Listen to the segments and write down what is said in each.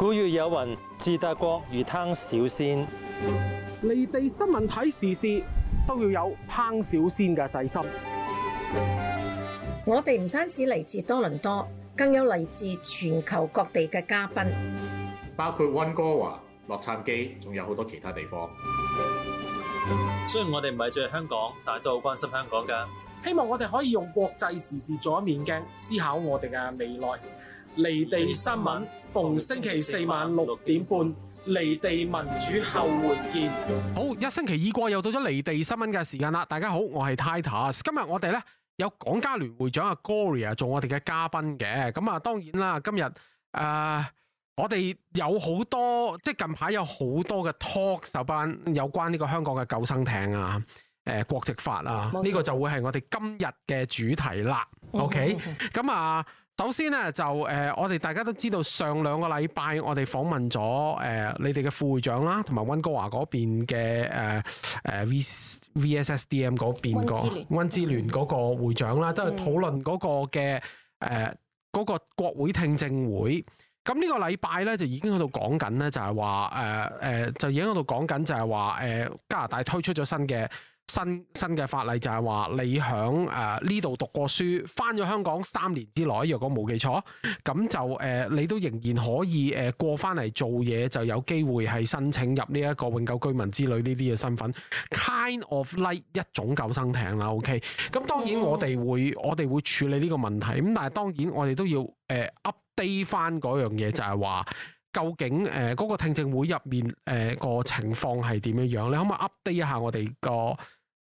古語有云，治大國如烹小鮮。離地新聞睇時事，都要有烹小鮮嘅細心。我哋唔單止嚟自多倫多，更有嚟自全球各地嘅嘉賓，包括溫哥華、洛杉磯，仲有好多其他地方。雖然我哋唔係住喺香港，但係都好關心香港嘅。希望我哋可以用國際時事做一面鏡，思考我哋嘅未來。離地新聞，逢星期四晚六點半，離地民主後會見。好，一星期已過，又到咗離地新聞嘅時間啦！大家好，我係 Titus，今日我哋咧有港加聯會長阿 Gloria 做我哋嘅嘉賓嘅。咁啊，當然啦，今日誒、呃，我哋有好多，即係近排有好多嘅 talk，班有關呢個香港嘅救生艇啊，誒、呃，國籍法啊，呢錯個就會係我哋今日嘅主題啦。OK，咁啊。 呃首先咧就誒、呃，我哋大家都知道，上兩個禮拜我哋訪問咗誒、呃、你哋嘅副會長啦，同埋温哥華嗰邊嘅誒誒 V VSSDM 嗰邊個温支聯嗰個會長啦，都係討論嗰個嘅誒嗰個國會聽證會。咁、嗯、呢個禮拜咧就已經喺度講緊咧，就係話誒誒，就已經喺度講緊就係話誒加拿大推出咗新嘅。新新嘅法例就係話，你響誒呢度讀過書，翻咗香港三年之內，若果冇記錯，咁就誒、呃、你都仍然可以誒、呃、過翻嚟做嘢，就有機會係申請入呢一個永久居民之類呢啲嘅身份，kind of like 一種救生艇啦，OK？咁當然我哋會我哋會處理呢個問題，咁但係當然我哋都要誒 update 翻嗰樣嘢，就係、是、話究竟誒嗰、呃那個聽證會入面誒、呃、個情況係點樣樣？你可唔可以 update 一下我哋個？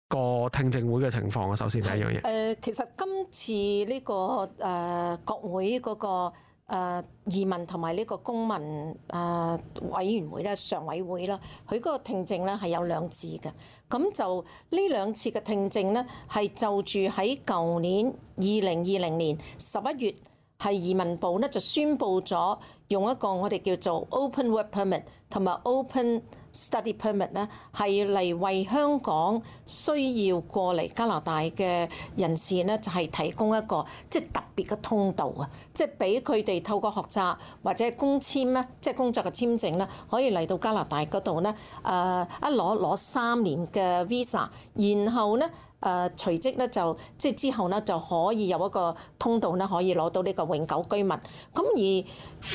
個聽證會嘅情況啊，首先第一樣嘢，誒、呃，其實今次呢、這個誒、呃、國會嗰、那個誒、呃、移民同埋呢個公民誒、呃、委員會咧，常委會啦，佢嗰個聽證咧係有兩次嘅，咁就呢兩次嘅聽證咧，係就住喺舊年二零二零年十一月，係移民部咧就宣布咗用一個我哋叫做 open work permit 同埋 open。Study permit 咧係嚟為香港需要過嚟加拿大嘅人士咧，就係提供一個即係特別嘅通道啊，即係俾佢哋透過學習或者工簽咧，即係工作嘅簽證咧，可以嚟到加拿大嗰度咧，誒一攞攞三年嘅 visa，然後咧。誒、呃、隨即咧就即係之後咧就可以有一個通道咧，可以攞到呢個永久居民。咁而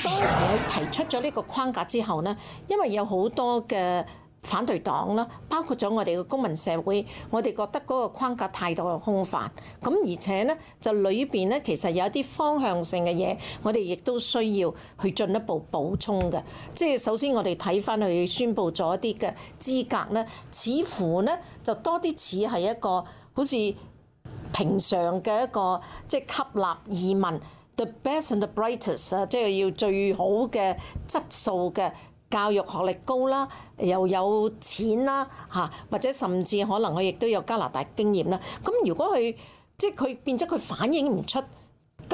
當時佢提出咗呢個框架之後咧，因為有好多嘅。反對黨啦，包括咗我哋嘅公民社會，我哋覺得嗰個框架太過空泛。咁而且咧，就裏邊咧，其實有一啲方向性嘅嘢，我哋亦都需要去進一步補充嘅。即係首先我哋睇翻佢宣佈咗一啲嘅資格咧，似乎咧就多啲似係一個好似平常嘅一個即係吸納移民 the best and the brightest 啊，即係要最好嘅質素嘅。教育學歷高啦，又有錢啦，嚇，或者甚至可能佢亦都有加拿大經驗啦。咁如果佢即係佢變咗，佢反映唔出，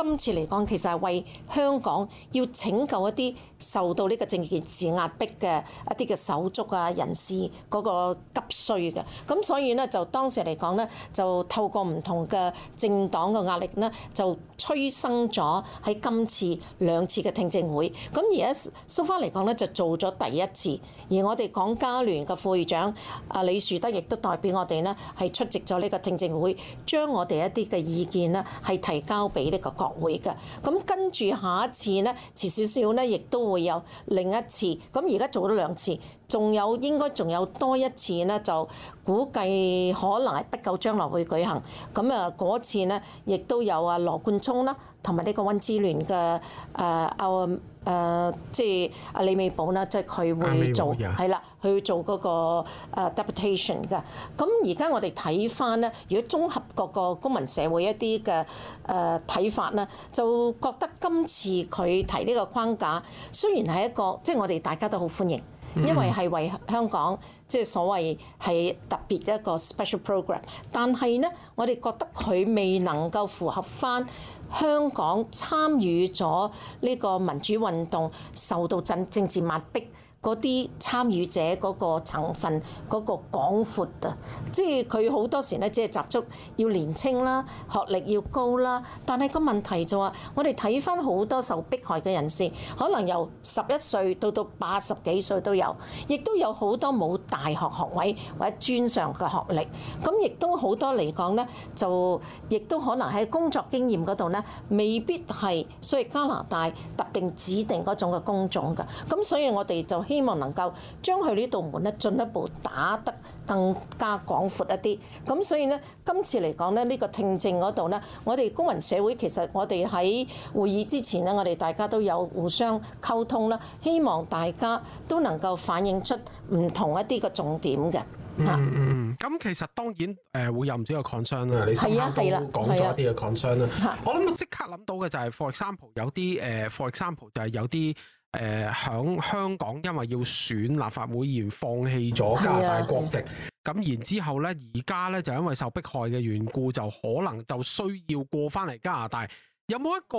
今次嚟講，其實係為香港要拯救一啲受到呢個政治壓迫嘅一啲嘅手足啊人士嗰個急需嘅。咁所以咧，就當時嚟講咧，就透過唔同嘅政黨嘅壓力咧，就催生咗喺今次兩次嘅聽證會。咁而家縮翻嚟講咧，就做咗第一次。而我哋港加聯嘅副會長阿李樹德亦都代表我哋呢，係出席咗呢個聽證會，將我哋一啲嘅意見呢，係提交俾呢個國會嘅。咁跟住下一次咧，遲少少咧，亦都會有另一次。咁而家做咗兩次，仲有應該仲有多一次咧，就估計可能係不久將來會舉行。咁啊，嗰次咧，亦都有啊，羅冠聰啦。同埋呢個溫之聯嘅誒啊誒，即係阿李美寶啦，即係佢會做係啦，佢、啊、會做嗰個誒 adaptation 嘅。咁而家我哋睇翻咧，如果綜合各個公民社會一啲嘅誒睇法咧，就覺得今次佢提呢個框架，雖然係一個即係、就是、我哋大家都好歡迎，因為係為香港即係、就是、所謂係特別一個 special program，但係咧，我哋覺得佢未能夠符合翻。香港參與咗呢個民主運動，受到政治壓迫。嗰啲參與者嗰個成份，嗰個廣闊啊，即係佢好多時咧，即係集中要年青啦，學歷要高啦。但係個問題就話、是、我哋睇翻好多受迫害嘅人士，可能由十一歲到到八十幾歲都有，亦都有好多冇大學學位或者專上嘅學歷，咁亦都好多嚟講咧，就亦都可能喺工作經驗嗰度咧，未必係。所以加拿大特定指定嗰種嘅工種嘅。咁所以我哋就希希望能夠將佢呢道門咧進一步打得更加廣闊一啲。咁所以咧，今次嚟講咧，呢、這個聽證嗰度咧，我哋公民社會其實我哋喺會議之前咧，我哋大家都有互相溝通啦。希望大家都能夠反映出唔同一啲個重點嘅、嗯。嗯嗯咁、嗯、其實當然誒、呃、會有唔少嘅 concern 啦。啊、你先下都講咗一啲嘅 concern 啦。啊、我諗即刻諗到嘅就係、是、for example 有啲誒 for example 就係、是、有啲。就是有誒，響、呃、香港因為要選立法會議員，放棄咗加拿大國籍，咁的然之後咧，而家咧就因為受迫害嘅緣故，就可能就需要過翻嚟加拿大。有冇一個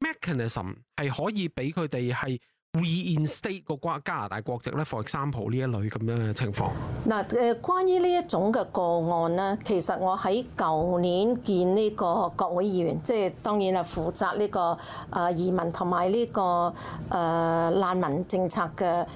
mechanism 係可以俾佢哋係？We in state 個加拿大國籍咧，防疫三號呢一類咁樣嘅情況。嗱，誒，關於呢一種嘅個案咧，其實我喺舊年見呢個國會議員，即係當然係負責呢個誒移民同埋呢個誒、呃、難民政策嘅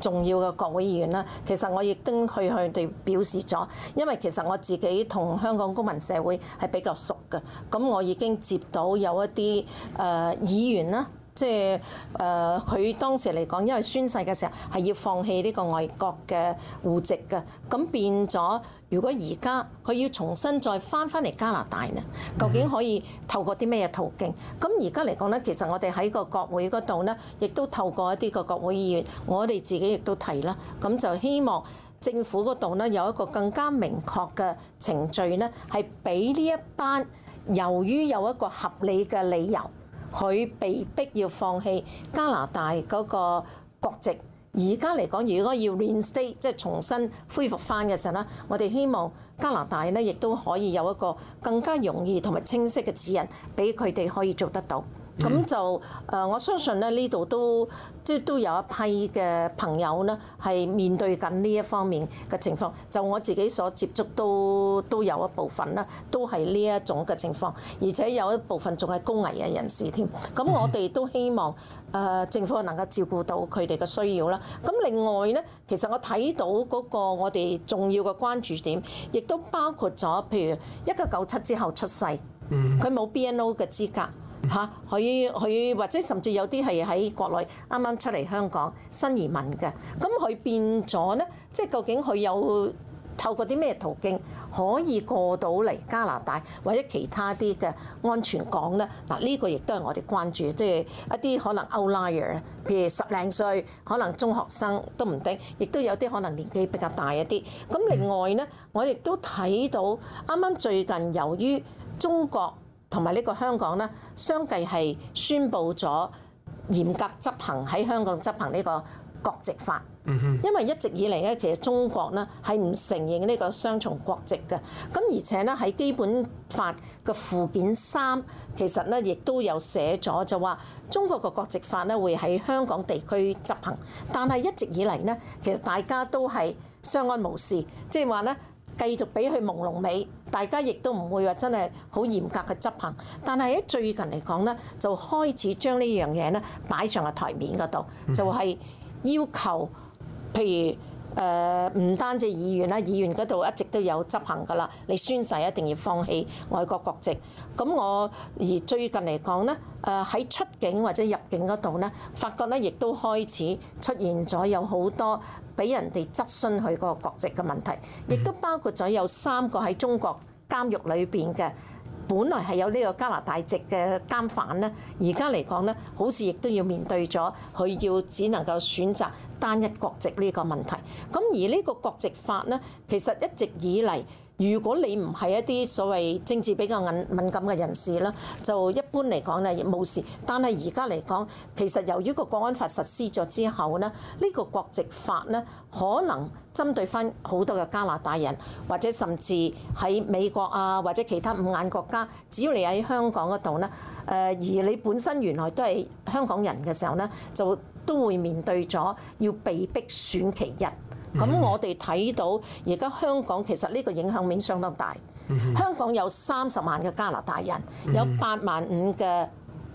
重要嘅國會議員啦。其實我亦都去佢哋表示咗，因為其實我自己同香港公民社會係比較熟嘅，咁我已經接到有一啲誒、呃、議員啦。即係誒，佢、呃、當時嚟講，因為宣誓嘅時候係要放棄呢個外國嘅戶籍嘅，咁變咗。如果而家佢要重新再返返嚟加拿大呢，究竟可以透過啲咩嘢途徑？咁而家嚟講呢，其實我哋喺個國會嗰度呢，亦都透過一啲個國會議員，我哋自己亦都提啦。咁就希望政府嗰度呢，有一個更加明確嘅程序呢，係俾呢一班由於有一個合理嘅理由。佢被逼要放棄加拿大嗰個國籍，而家嚟講，如果要 reinstate 即係重新恢復翻嘅時候咧，我哋希望加拿大咧亦都可以有一個更加容易同埋清晰嘅指引，俾佢哋可以做得到。咁就誒、呃，我相信咧，呢度都即係都有一批嘅朋友呢，係面對緊呢一方面嘅情況，就我自己所接觸都都有一部分啦，都係呢一種嘅情況，而且有一部分仲係高危嘅人士添。咁我哋都希望誒、呃、政府能夠照顧到佢哋嘅需要啦。咁另外呢，其實我睇到嗰個我哋重要嘅關注點亦都包括咗譬如一九九七之後出世，佢冇 B N O 嘅資格。嚇，佢佢、啊、或者甚至有啲係喺國內啱啱出嚟香港新移民嘅，咁佢變咗咧，即、就、係、是、究竟佢有透過啲咩途徑可以過到嚟加拿大或者其他啲嘅安全港咧？嗱、啊，呢、這個亦都係我哋關注，即、就、係、是、一啲可能 Outlier，譬如十零歲，可能中學生都唔定，亦都有啲可能年紀比較大一啲。咁另外咧，我亦都睇到啱啱最近由於中國，同埋呢個香港咧，相繼係宣布咗嚴格執行喺香港執行呢個國籍法。嗯哼。因為一直以嚟咧，其實中國咧係唔承認呢個雙重國籍嘅。咁而且咧喺基本法嘅附件三，其實咧亦都有寫咗，就話中國個國籍法咧會喺香港地區執行。但係一直以嚟咧，其實大家都係相安無事，即係話咧。繼續俾佢朦朧美，大家亦都唔會話真係好嚴格嘅執行。但係喺最近嚟講咧，就開始將呢樣嘢咧擺上個台面嗰度，就係要求，譬如。誒唔、呃、單止議員啦，議員嗰度一直都有執行㗎啦。你宣誓一定要放棄外國國籍。咁我而最近嚟講咧，誒、呃、喺出境或者入境嗰度咧，發覺咧亦都開始出現咗有好多俾人哋質詢佢嗰個國籍嘅問題，亦都包括咗有三個喺中國監獄裏邊嘅。本來係有呢個加拿大籍嘅監犯咧，而家嚟講咧，好似亦都要面對咗佢要只能夠選擇單一國籍呢個問題。咁而呢個國籍法咧，其實一直以嚟。如果你唔係一啲所謂政治比較敏感嘅人士咧，就一般嚟講咧，冇事。但係而家嚟講，其實由於個國安法實施咗之後咧，呢個國籍法咧，可能針對翻好多嘅加拿大人，或者甚至喺美國啊，或者其他五眼國家，只要你喺香港嗰度咧，誒而你本身原來都係香港人嘅時候咧，就都會面對咗要被逼選其一。咁我哋睇到而家香港其實呢個影響面相當大。嗯、哼香港有三十萬嘅加拿大人，嗯、哼有八萬五嘅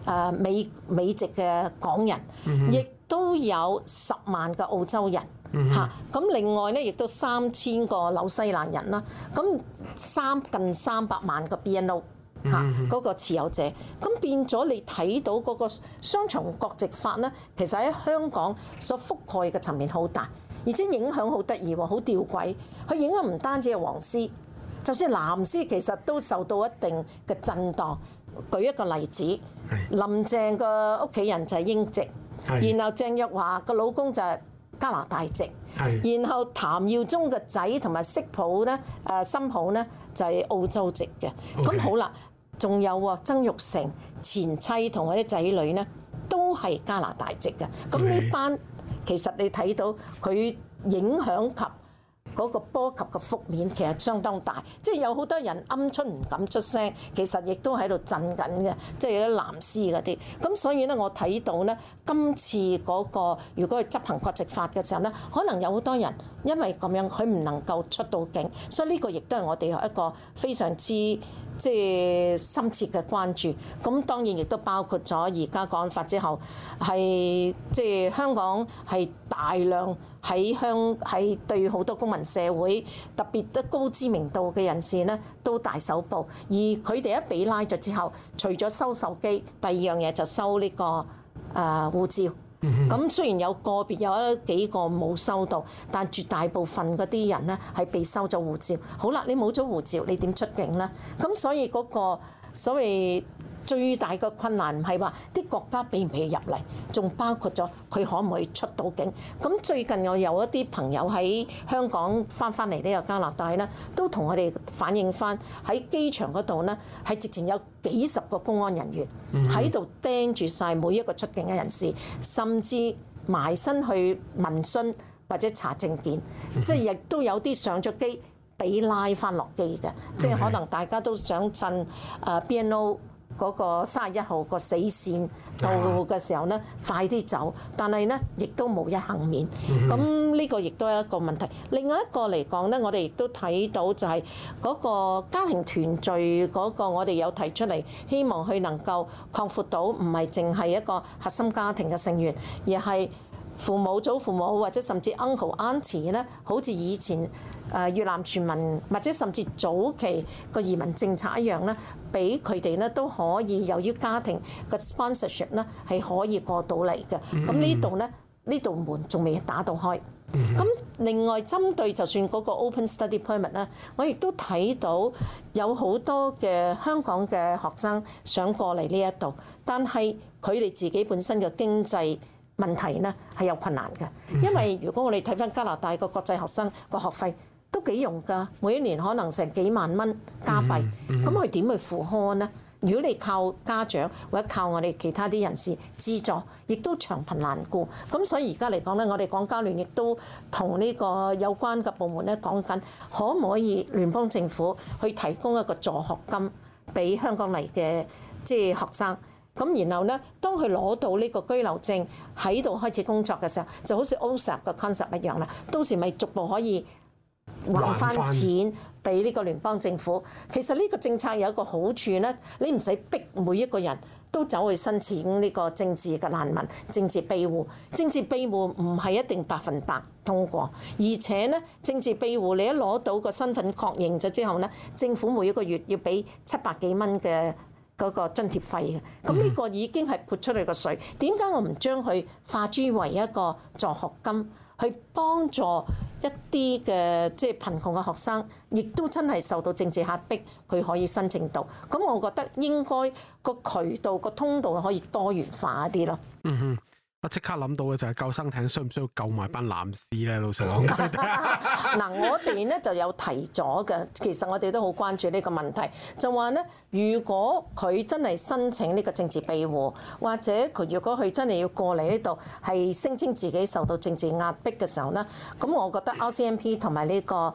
誒美美籍嘅港人，亦、嗯、哼都有十萬嘅澳洲人嚇。咁、嗯哼啊、另外呢，亦都三千個紐西蘭人啦。咁、啊、三近三百萬個 B N O 嚇嗰個持有者，咁變咗你睇到嗰個雙重國籍法呢，其實喺香港所覆蓋嘅層面好大。而且影響好得意喎，好吊詭。佢影響唔單止係黃絲，就算藍絲其實都受到一定嘅震盪。舉一個例子，是林鄭個屋企人就係英籍，是然後鄭若驊個老公就係加拿大籍，是然後譚耀宗個仔同埋媳婦咧、誒新抱咧就係、是、澳洲籍嘅。咁 Okay. 好啦，仲有喎，曾玉成前妻同佢啲仔女咧都係加拿大籍嘅。咁呢班。Okay. 其實你睇到佢影響及嗰個波及嘅覆面，其實相當大。即係有好多人鵪鶉唔敢出聲，其實亦都喺度震緊嘅。即係有啲藍絲嗰啲。咁所以咧，我睇到咧，今次嗰個如果係執行國籍法嘅時候咧，可能有好多人因為咁樣佢唔能夠出到境，所以呢個亦都係我哋一個非常之。即係深切嘅關注，咁當然亦都包括咗而家國安法之後，係即係香港係大量喺向喺對好多公民社會特別得高知名度嘅人士咧，都大手部。而佢哋一俾拉咗之後，除咗收手機，第二樣嘢就收呢個誒護照。咁 雖然有個別有一幾個冇收到，但係絕大部分嗰啲人咧係被收咗護照。好啦，你冇咗護照，你點出境咧？咁所以嗰個所謂最大嘅困難唔係話啲國家俾唔俾入嚟，仲包括咗佢可唔可以出到境。咁最近我有一啲朋友喺香港翻翻嚟呢個加拿大咧，都同我哋反映翻喺機場嗰度呢係直情有幾十個公安人員喺度，mm hmm. 盯住晒每一個出境嘅人士，甚至埋身去問詢或者查證件，即係亦都有啲上咗機俾拉翻落機嘅，mm hmm. 即係可能大家都想趁誒 BNO。嗰個三十一號個死線到嘅時候咧，的快啲走，但係咧亦都冇一幸免。咁呢、嗯、哼個亦都係一個問題。另外一個嚟講咧，我哋亦都睇到就係嗰個家庭團聚嗰個，我哋有提出嚟，希望佢能夠擴闊到唔係淨係一個核心家庭嘅成員，而係，父母、祖父母或者甚至 uncle、aunt 咧，好似以前誒越南全民，或者甚至早期個移民政策一樣咧，俾佢哋咧都可以由於家庭個 sponsorship 咧係可以過到嚟嘅。咁呢度咧，呢度門仲未打到開，咁另外針對就算嗰個 open study permit 咧，我亦都睇到有好多嘅香港嘅學生想過嚟呢一度，但係佢哋自己本身嘅經濟。問題咧係有困難嘅，因為如果我哋睇返加拿大個國際學生個學費都幾用㗎，每一年可能成幾萬蚊加幣，咁佢點去負擔咧？如果你靠家長或者靠我哋其他啲人士資助，亦都長貧難顧。咁所以而家嚟講咧，我哋港交聯亦都同呢個有關嘅部門咧講緊，可唔可以聯邦政府去提供一個助學金俾香港嚟嘅即係學生？咁然後咧，當佢攞到呢個居留證喺度開始工作嘅時候，就好似 OSAP 嘅 concept 一樣啦。到時咪逐步可以還翻錢俾呢個聯邦政府。其實呢個政策有一個好處咧，你唔使逼每一個人都走去申請呢個政治嘅難民政治庇護。政治庇護唔係一定百分百通過，而且咧政治庇護你一攞到個身份確認咗之後咧，政府每一個月要俾七百幾蚊嘅。嗰個津貼費嘅，咁呢個已經係撥出嚟個稅，點解我唔將佢化諸為一個助學金，去幫助一啲嘅即係貧窮嘅學生，亦都真係受到政治壓迫，佢可以申請到？咁我覺得應該個渠道、個通道可以多元化啲咯。嗯哼。 我即刻諗到嘅就係救生艇需唔需要救埋班男士咧？老實講，嗱， 我哋咧就有提咗嘅。其實我哋都好關注呢個問題，就話咧，如果佢真係申請呢個政治庇護，或者佢如果佢真係要過嚟呢度，係聲稱自己受到政治壓迫嘅時候咧，咁我覺得 r、這個呃、CMP 同埋呢個誒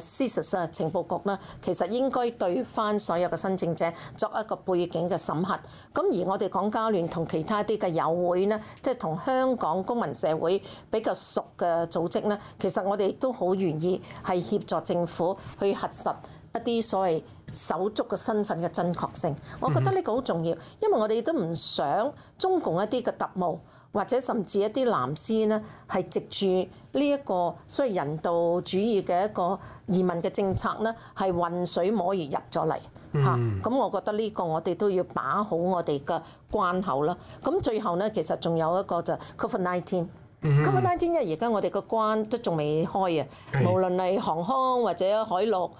CSIS 啊情報局咧，其實應該對翻所有嘅申請者作一個背景嘅審核。咁而我哋港交聯同其他啲嘅友會咧。即係同香港公民社會比較熟嘅組織呢，其實我哋都好願意係協助政府去核實一啲所謂手足嘅身份嘅真確性。我覺得呢個好重要，因為我哋都唔想中共一啲嘅特務或者甚至一啲藍絲呢，係藉住呢一個所謂人道主義嘅一個移民嘅政策呢，係混水摸魚入咗嚟。嚇！咁、mm hmm. 啊、我覺得呢個我哋都要把好我哋嘅關口啦。咁最後呢，其實仲有一個就 Covid 19、mm hmm. Covid nineteen，Covid nineteen，因為而家我哋個關都仲未開啊。是無論係航空或者海陸，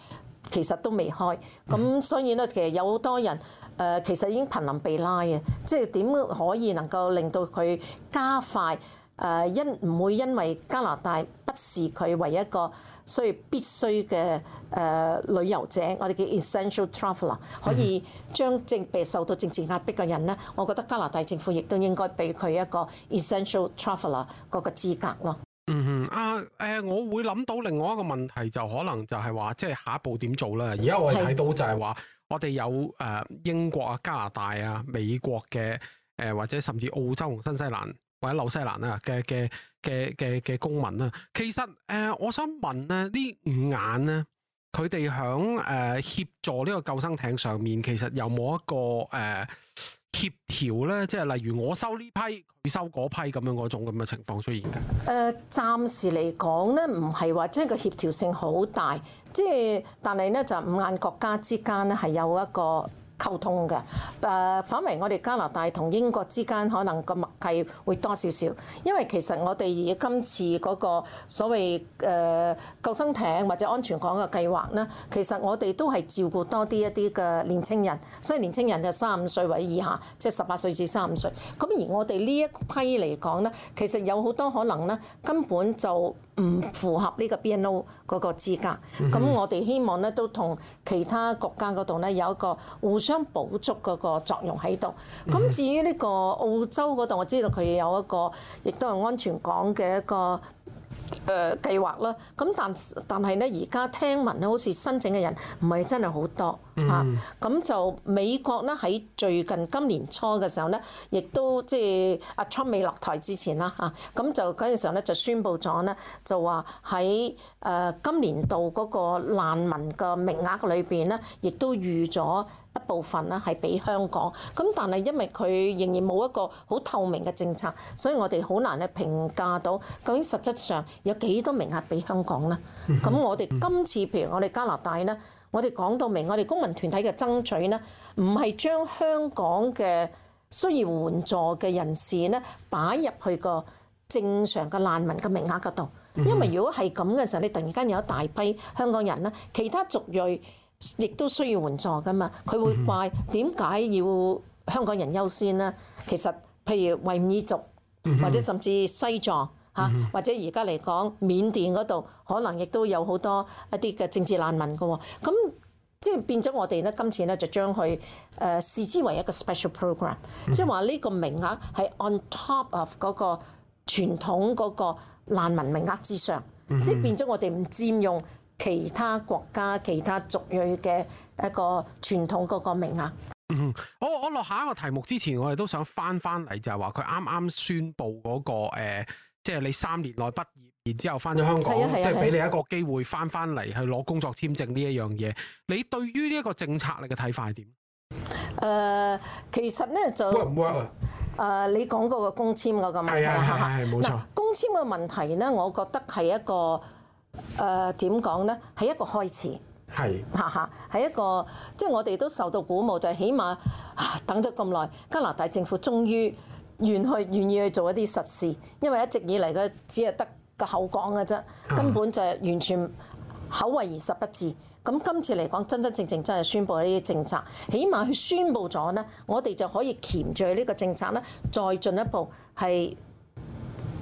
其實都未開。咁所以呢，mm hmm. 其實有好多人誒、呃，其實已經瀕臨被拉啊，即係點可以能夠令到佢加快？誒，因唔會因為加拿大不視佢為一個所謂必須嘅誒旅遊者，我哋叫 essential traveller，可以將正被受到政治壓迫嘅人咧，我覺得加拿大政府亦都應該俾佢一個 essential traveller 嗰個資格咯。嗯嗯，啊誒、呃，我會諗到另外一個問題就可能就係話，即係下一步點做啦？而家我哋睇到就係話，我哋有誒、呃、英國啊、加拿大啊、美國嘅誒或者甚至澳洲同新西蘭。或者紐西蘭啊嘅嘅嘅嘅嘅公民啦，其實誒、呃，我想問咧，呢五眼咧，佢哋響誒協助呢個救生艇上面，其實有冇一個誒、呃、協調咧？即係例如我收呢批，佢收嗰批咁樣嗰種咁嘅情況出現嘅？誒、呃，暫時嚟講咧，唔係話即係個協調性好大，即係但係咧就五眼國家之間咧係有一個。溝通嘅誒、呃，反為我哋加拿大同英國之間可能個默契會多少少，因為其實我哋今次嗰個所謂誒、呃、救生艇或者安全港嘅計劃呢，其實我哋都係照顧多啲一啲嘅年青人，所以年青人就三十五歲或以下，即係十八歲至三十五歲。咁而我哋呢一批嚟講呢，其實有好多可能呢，根本就。唔符合呢個 BNO 嗰個資格，咁、mm hmm. 我哋希望咧都同其他國家嗰度咧有一個互相補足嗰個作用喺度。咁、mm hmm. 至於呢個澳洲嗰度，我知道佢有一個，亦都係安全港嘅一個。誒、呃、計劃啦，咁但但係咧，而家聽聞咧，好似申請嘅人唔係真係好多嚇，咁、嗯啊、就美國咧喺最近今年初嘅時候咧，亦都即係阿 Trump 未落台之前啦嚇，咁、啊、就嗰陣時候咧就宣布咗咧，就話喺誒今年度嗰個難民嘅名額裏邊咧，亦都預咗。一部分咧係俾香港，咁但係因為佢仍然冇一個好透明嘅政策，所以我哋好難咧評價到究竟實質上有幾多名額俾香港咧。咁 我哋今次譬如我哋加拿大咧，我哋講到明，我哋公民團體嘅爭取咧，唔係將香港嘅需要援助嘅人士咧擺入去個正常嘅難民嘅名額度，因為如果係咁嘅時候，你突然間有一大批香港人咧，其他族裔，亦都需要援助噶嘛？佢會怪點解要香港人優先呢？其實，譬如維吾爾族，或者甚至西藏嚇、啊，或者而家嚟講緬甸嗰度，可能亦都有好多一啲嘅政治難民㗎喎、哦。咁即係變咗我哋咧，今次咧就將佢誒視之為一個 special program、嗯、即係話呢個名額係 on top of 嗰個傳統嗰個難民名額之上，嗯、即係變咗我哋唔佔用。其他國家、其他族裔嘅一個傳統嗰個名額。嗯，好，我我落下一個題目之前，我哋都想翻翻嚟就係話佢啱啱宣布嗰、嗰個、呃、即係你三年內畢業，然之後翻咗香港，嗯、即係俾你一個機會翻翻嚟去攞工作簽證呢一樣嘢。你對於呢一個政策你嘅睇法係點？誒、呃，其實咧就，握唔握啊？誒、呃，你講過個工簽嗰個問題嚇，嗱、呃，工簽嘅問題咧，我覺得係一個。誒點講呢？係一個開始，係，哈哈，係一個，即係我哋都受到鼓舞，就係起碼、啊、等咗咁耐，加拿大政府終於願去願意去做一啲實事，因為一直以嚟佢只係得個口講嘅啫，根本就係完全口惠而實不至。咁今次嚟講，真真正正真係宣布呢啲政策，起碼佢宣布咗呢，我哋就可以鉗住呢個政策呢，再進一步係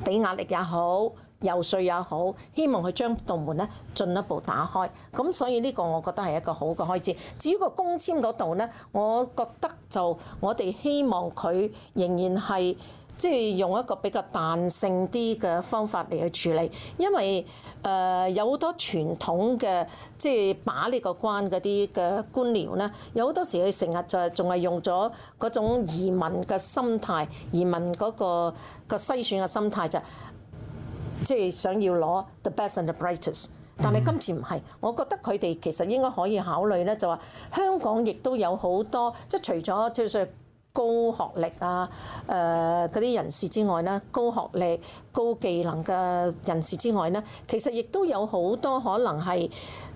俾壓力也好。游説也好，希望佢將道門咧進一步打開。咁所以呢個我覺得係一個好嘅開支。至於個公簽嗰度咧，我覺得就我哋希望佢仍然係即係用一個比較彈性啲嘅方法嚟去處理，因為誒、呃、有好多傳統嘅即係把呢個關嗰啲嘅官僚咧，有好多時佢成日就仲係用咗嗰種移民嘅心態、移民嗰、嗰個個篩選嘅心態就係。即係想要攞 the best and the brightest，但係今次唔係。我覺得佢哋其實應該可以考慮咧，就話香港亦都有好多，即係除咗即高學歷啊，誒嗰啲人士之外咧，高學歷、高技能嘅人士之外咧，其實亦都有好多可能係。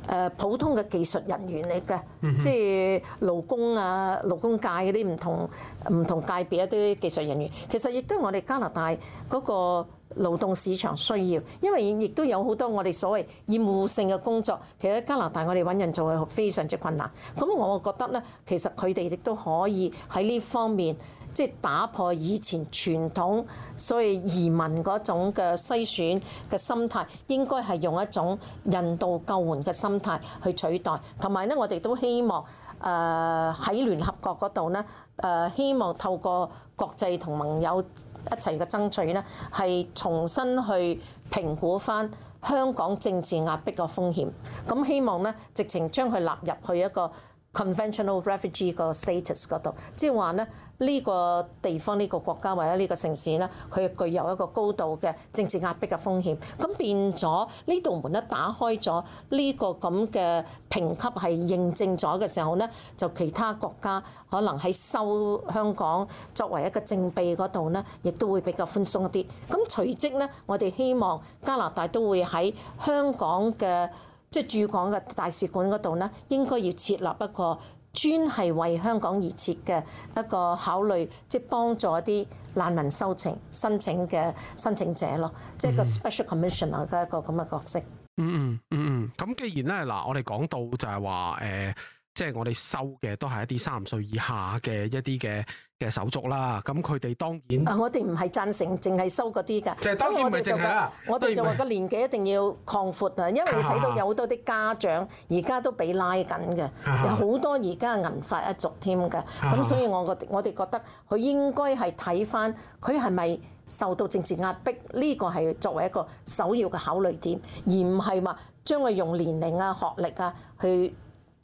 誒普通嘅技術人員嚟嘅，mm hmm. 即係勞工啊、勞工界嗰啲唔同唔同界別一啲技術人員，其實亦都係我哋加拿大嗰個勞動市場需要，因為亦都有好多我哋所謂厭惡性嘅工作，其實喺加拿大我哋揾人做係非常之困難。咁我覺得咧，其實佢哋亦都可以喺呢方面。即係打破以前傳統所謂移民嗰種嘅篩選嘅心態，應該係用一種人道救援嘅心態去取代。同埋咧，我哋都希望誒喺聯合國嗰度咧，誒、呃、希望透過國際同盟友一齊嘅爭取咧，係重新去評估翻香港政治壓迫嘅風險，咁、嗯、希望咧，直情將佢納入去一個。conventional refugee 個 status 嗰度，即係話咧呢、呢個地方、呢、呢個國家或者呢個城市咧，佢具有一個高度嘅政治壓迫嘅風險，咁變咗呢道門咧打開咗，呢個咁嘅評級係認證咗嘅時候咧，就其他國家可能喺收香港作為一個政備嗰度咧，亦都會比較寬鬆一啲。咁隨即咧，我哋希望加拿大都會喺香港嘅。即係駐港嘅大使館嗰度咧，應該要設立一個專係為香港而設嘅一個考慮，即係幫助一啲難民收請申請嘅申請者咯，即係個 special commissioner 啊嘅一個咁嘅角色。嗯嗯嗯，咁、嗯嗯嗯嗯、既然咧嗱，我哋講到就係話誒。呃即係我哋收嘅都係一啲三十歲以下嘅一啲嘅嘅手足啦，咁佢哋當然啊，我哋唔係贊成，淨係收嗰啲㗎，當所以我哋就話，是我哋就話個是年紀一定要擴闊啊，因為你睇到有好多啲家長而家都俾拉緊嘅，哈哈有好多而家嘅銀髮一族添㗎，咁哈所以我個我哋覺得佢應該係睇翻佢係咪受到政治壓迫。呢、這個係作為一個首要嘅考慮點，而唔係話將佢用年齡啊、學歷啊去。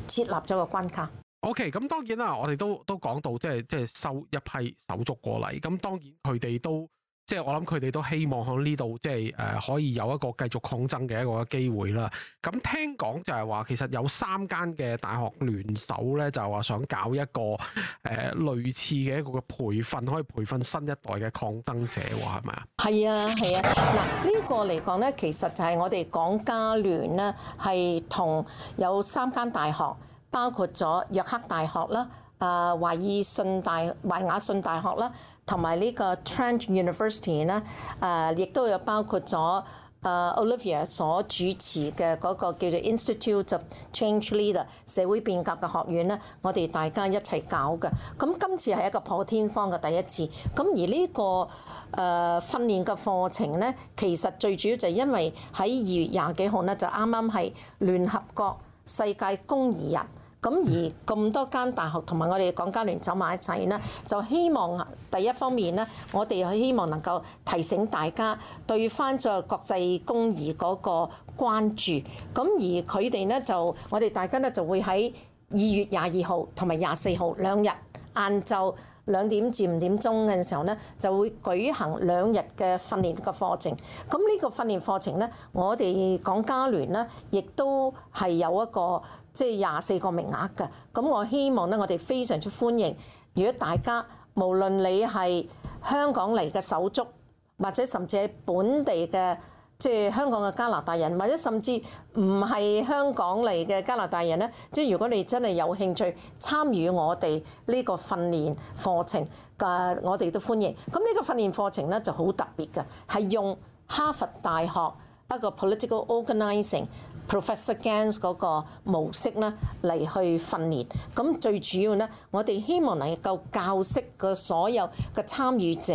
設立咗個關卡。OK，咁當然啦，我哋都都講到即係即係收一批手續過嚟。咁當然佢哋都。即係我諗佢哋都希望喺呢度，即係誒，可以有一個繼續抗爭嘅一個機會啦。咁聽講就係話，其實有三間嘅大學聯手咧，就係話想搞一個誒、呃、類似嘅一個嘅培訓，可以培訓新一代嘅抗爭者，係咪啊？係啊，係啊。嗱、這個，呢個嚟講咧，其實就係我哋港加聯咧，係同有三間大學，包括咗約克大學啦，誒、呃，懷爾遜大懷雅遜大學啦。同埋呢個 Trent University 咧，誒、呃、亦都有包括咗誒、呃、Olivia 所主持嘅嗰個叫做 Institute of Change Leader 社會變革嘅學院咧，我哋大家一齊搞嘅。咁今次係一個破天荒嘅第一次。咁而呢、這個誒、呃、訓練嘅課程咧，其實最主要就係因為喺二月廿幾號咧，就啱啱係聯合國世界公義日。咁而咁多間大學同埋我哋廣交聯走埋一齊呢，就希望第一方面呢，我哋係希望能夠提醒大家對翻在國際公義嗰個關注。咁而佢哋呢，就，我哋大家呢，就會喺二月廿二號同埋廿四號兩日晏晝兩點至五點鐘嘅時候呢，就會舉行兩日嘅訓練嘅課程。咁呢個訓練課程呢，我哋廣交聯呢，亦都係有一個。即係廿四個名額㗎，咁我希望咧，我哋非常之歡迎。如果大家無論你係香港嚟嘅手足，或者甚至係本地嘅，即係香港嘅加拿大人，或者甚至唔係香港嚟嘅加拿大人咧，即係如果你真係有興趣參與我哋呢個訓練課程嘅，我哋都歡迎。咁呢個訓練課程咧就好特別嘅，係用哈佛大學。一個 political organizing professor Gans 嗰個模式咧嚟去訓練，咁最主要咧，我哋希望能夠教識個所有嘅參與者，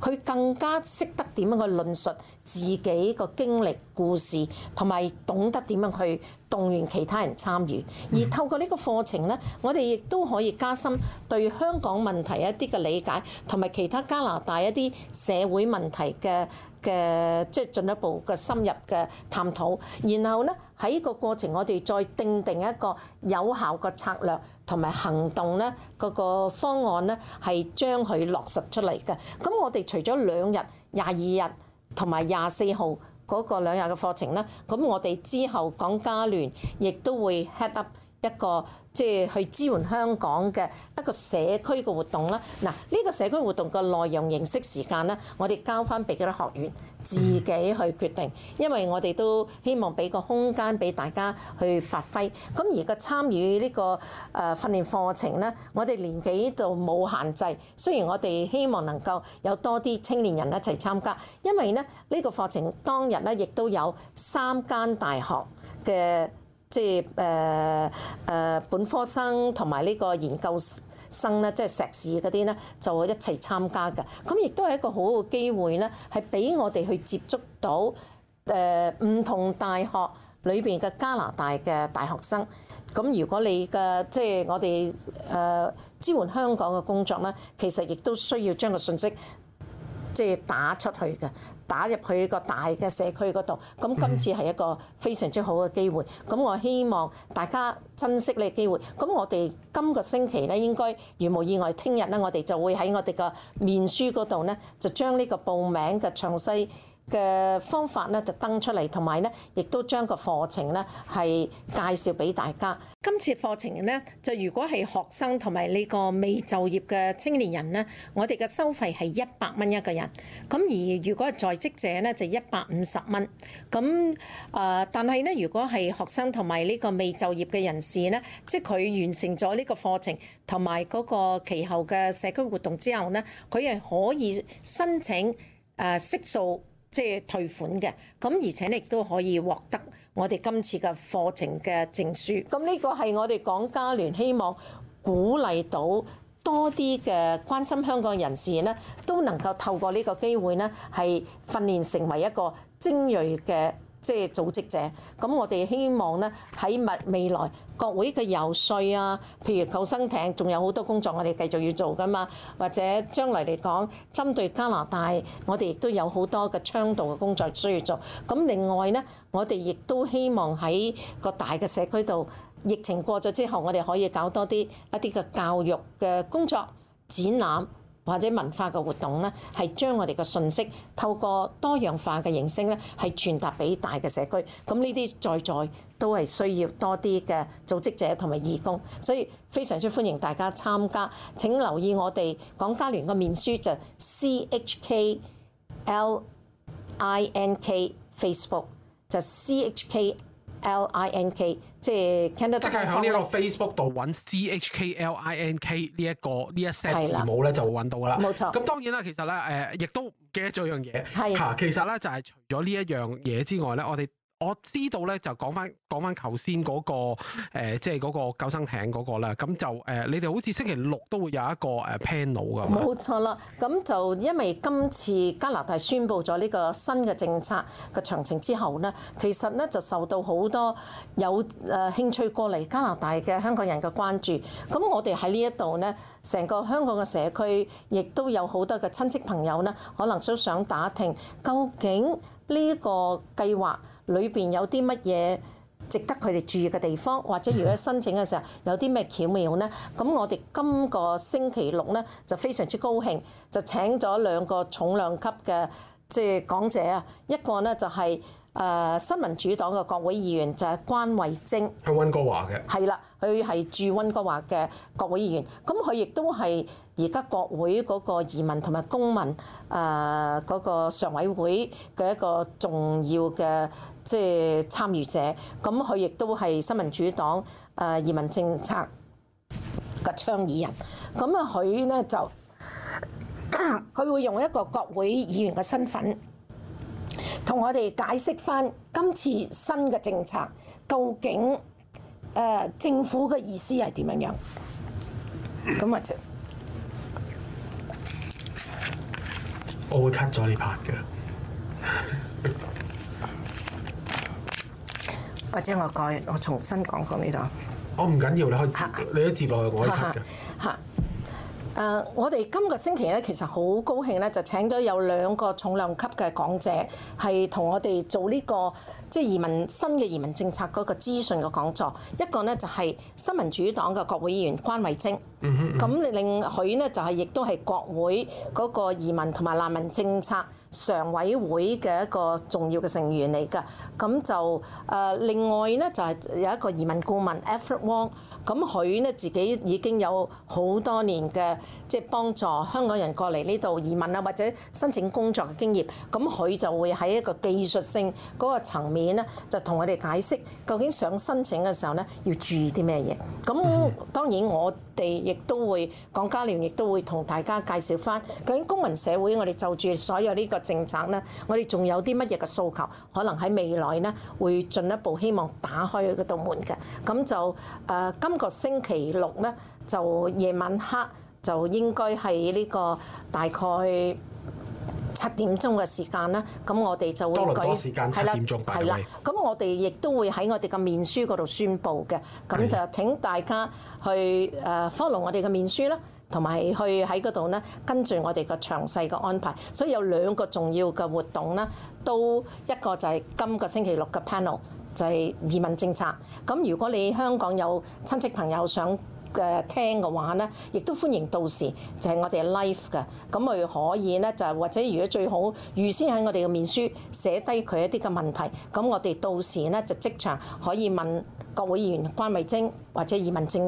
佢更加識得點樣去論述自己個經歷故事，同埋懂得點樣去動員其他人參與。而透過呢個課程咧，我哋亦都可以加深對香港問題一啲嘅理解，同埋其他加拿大一啲社會問題嘅。嘅即係進一步嘅深入嘅探討，然後呢，喺個過程，我哋再定定一個有效嘅策略同埋行動呢，嗰個方案呢係將佢落實出嚟嘅。咁我哋除咗兩日廿二日同埋廿四號嗰個兩日嘅課程呢，咁我哋之後講加聯亦都會 head up。一個即係去支援香港嘅一個社區嘅活動啦。嗱，呢個社區活動嘅內容、形式、時間咧，我哋交翻俾嗰啲學員自己去決定，因為我哋都希望俾個空間俾大家去發揮。咁而個參與呢個誒訓練課程咧，我哋年紀度冇限制，雖然我哋希望能夠有多啲青年人一齊參加，因為咧呢個課程當日咧亦都有三間大學嘅。即係誒誒，本科生同埋呢個研究生咧，即係碩士嗰啲咧，就會一齊參加嘅。咁亦都係一個好好嘅機會咧，係俾我哋去接觸到誒、呃、唔同大學裏邊嘅加拿大嘅大學生。咁如果你嘅即係我哋誒、呃、支援香港嘅工作咧，其實亦都需要將個信息即係打出去嘅。打入去呢個大嘅社區嗰度，咁今次係一個非常之好嘅機會。咁我希望大家珍惜呢個機會。咁我哋今個星期咧，應該如無意外，聽日咧，我哋就會喺我哋個面書嗰度咧，就將呢個報名嘅詳細嘅方法咧，就登出嚟，同埋咧亦都將個課程咧係介紹俾大家。今次課程咧，就如果係學生同埋呢個未就業嘅青年人咧，我哋嘅收費係一百蚊一個人。咁而如果係在職者咧，就一百五十蚊。咁誒、呃，但係咧如果係學生同埋呢個未就業嘅人士咧，即係佢完成咗呢個課程同埋嗰個其後嘅社區活動之後咧，佢係可以申請誒、呃、息數。即係退款嘅，咁而且你亦都可以獲得我哋今次嘅課程嘅證書。咁呢個係我哋講家聯希望鼓勵到多啲嘅關心香港人士咧，都能夠透過呢個機會咧，係訓練成為一個精鋭嘅。即係組織者，咁我哋希望咧喺未未來國會嘅游説啊，譬如救生艇，仲有好多工作我哋繼續要做噶嘛，或者將來嚟講，針對加拿大，我哋亦都有好多嘅倡導嘅工作需要做。咁另外咧，我哋亦都希望喺個大嘅社區度，疫情過咗之後，我哋可以搞多啲一啲嘅教育嘅工作展覽。或者文化嘅活動咧，係將我哋嘅信息透過多樣化嘅形式咧，係傳達俾大嘅社區，咁呢啲在在都係需要多啲嘅組織者同埋義工，所以非常之歡迎大家參加。請留意我哋港加聯嘅面書就 C H K L I N K Facebook 就 C H K L I N K 即係即係喺呢一個 Facebook 度揾 C H K L I N K 呢一個呢一 set 字母咧，就會揾到㗎啦。冇錯的。咁當然啦，其實咧誒，亦、呃、都唔記得咗一樣嘢嚇的、啊。其實咧就係、是、除咗呢一樣嘢之外咧，我哋我知道咧，就講翻講翻頭先嗰個誒，即係嗰個救生艇嗰個啦。咁就誒，你哋好似星期六都會有一個誒 panel 㗎嘛？冇錯啦。咁就因為今次加拿大宣布咗呢個新嘅政策嘅詳情之後咧，其實咧就受到好多有誒興趣過嚟加拿大嘅香港人嘅關注。咁我哋喺呢一度咧，成個香港嘅社區亦都有好多嘅親戚朋友咧，可能都想打聽究竟呢個計劃裏邊有啲乜嘢值得佢哋注意嘅地方，或者如果申請嘅時候有啲咩巧妙呢？咁我哋今個星期六咧就非常之高興，就請咗兩個重量級嘅即係講者啊，一個咧就係、是。誒新民主黨嘅國會議員就係關慧貞，係溫哥華嘅，係啦，佢係住溫哥華嘅國會議員，咁佢亦都係而家國會嗰個移民同埋公民誒嗰個常委會嘅一個重要嘅即係參與者，咁佢亦都係新民主黨誒移民政策嘅倡議人，咁啊佢咧就佢會用一個國會議員嘅身份。同我哋解釋翻今次新嘅政策，究竟誒政府嘅意思係點樣樣？咁或者我會 cut 咗你拍嘅，或者我改，我重新講過呢度。我唔緊要，你可以、啊、你一接落去，我可以 cut 嘅。啊啊誒，uh，我哋今個星期咧，其實好高興咧，就請咗有兩個重量級嘅講者，係同我哋做呢個。即係移民新嘅移民政策個資訊嘅講座，一個咧就係、是、新民主黨嘅國會議員關慧貞，咁令佢呢就係、是、亦都係國會個移民同埋難民政策常委會嘅一個重要嘅成員嚟㗎。咁就誒、呃、另外咧就係、是、有一個移民顧問 Effie Wong，咁佢呢自己已經有好多年嘅即係幫助香港人過嚟呢度移民啊，或者申請工作嘅經驗咁佢就會喺一個技術性個層面。點咧就同我哋解釋究竟想申請嘅時候咧要注意啲咩嘢？咁當然我哋亦都會講加聯，亦都會同大家介紹翻。究竟公民社會，我哋就住所有呢個政策咧，我哋仲有啲乜嘢嘅訴求？可能喺未來咧會進一步希望打開嗰道門嘅。咁就誒今個星期六咧，就夜晚黑就應該係呢個大概。七點鐘嘅時間啦，咁我哋就會舉行，多倫多時間七點鐘，係啦的。咁我哋亦都會喺我哋嘅面書嗰度宣佈嘅，咁就請大家去誒 follow 我哋嘅面書啦，同埋去喺嗰度咧跟住我哋嘅詳細嘅安排。所以有兩個重要嘅活動咧，都一個就係今個星期六嘅 panel 就係移民政策。咁如果你香港有親戚朋友想，嘅聽嘅話咧，亦都歡迎到時就係、是、我哋 live 嘅。咁佢可以咧就或者如果最好預先喺我哋嘅面書寫低佢一啲嘅問題，咁我哋到時咧就即場可以問國會議員關慧貞或者移民政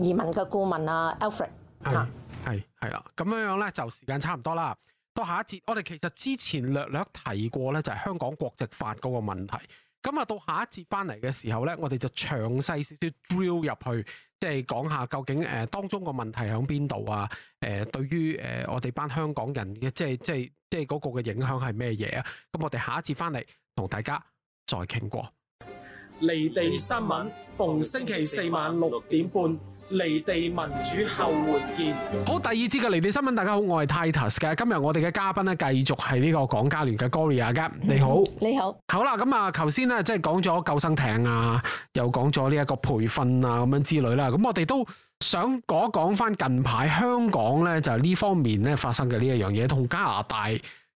移民嘅顧問 Alfred, 啊 Alfred，係係係啦，咁樣樣咧就時間差唔多啦。到下一節，我哋其實之前略略提過咧，就係香港國籍法嗰個問題。咁啊，到下一節翻嚟嘅時候咧，我哋就詳細少少 drill 入去。即係講下究竟誒當中個問題喺邊度啊？誒、呃、對於誒、呃、我哋班香港人嘅即係即係即係嗰個嘅影響係咩嘢啊？咁、嗯、我哋下一次翻嚟同大家再傾過。離地新聞逢星期四晚六點半。離地民主後活健好，第二節嘅離地新聞，大家好，我係 Titus 嘅。今日我哋嘅嘉賓咧，繼續係呢個港加聯嘅 Gloria 嘅，嗯。你好，你好。好啦，咁啊，頭先咧即係講咗救生艇啊，又講咗呢一個培訓啊，咁樣之類啦。咁我哋都想講一講翻近排香港咧就呢、係、方面咧發生嘅呢一樣嘢，同加拿大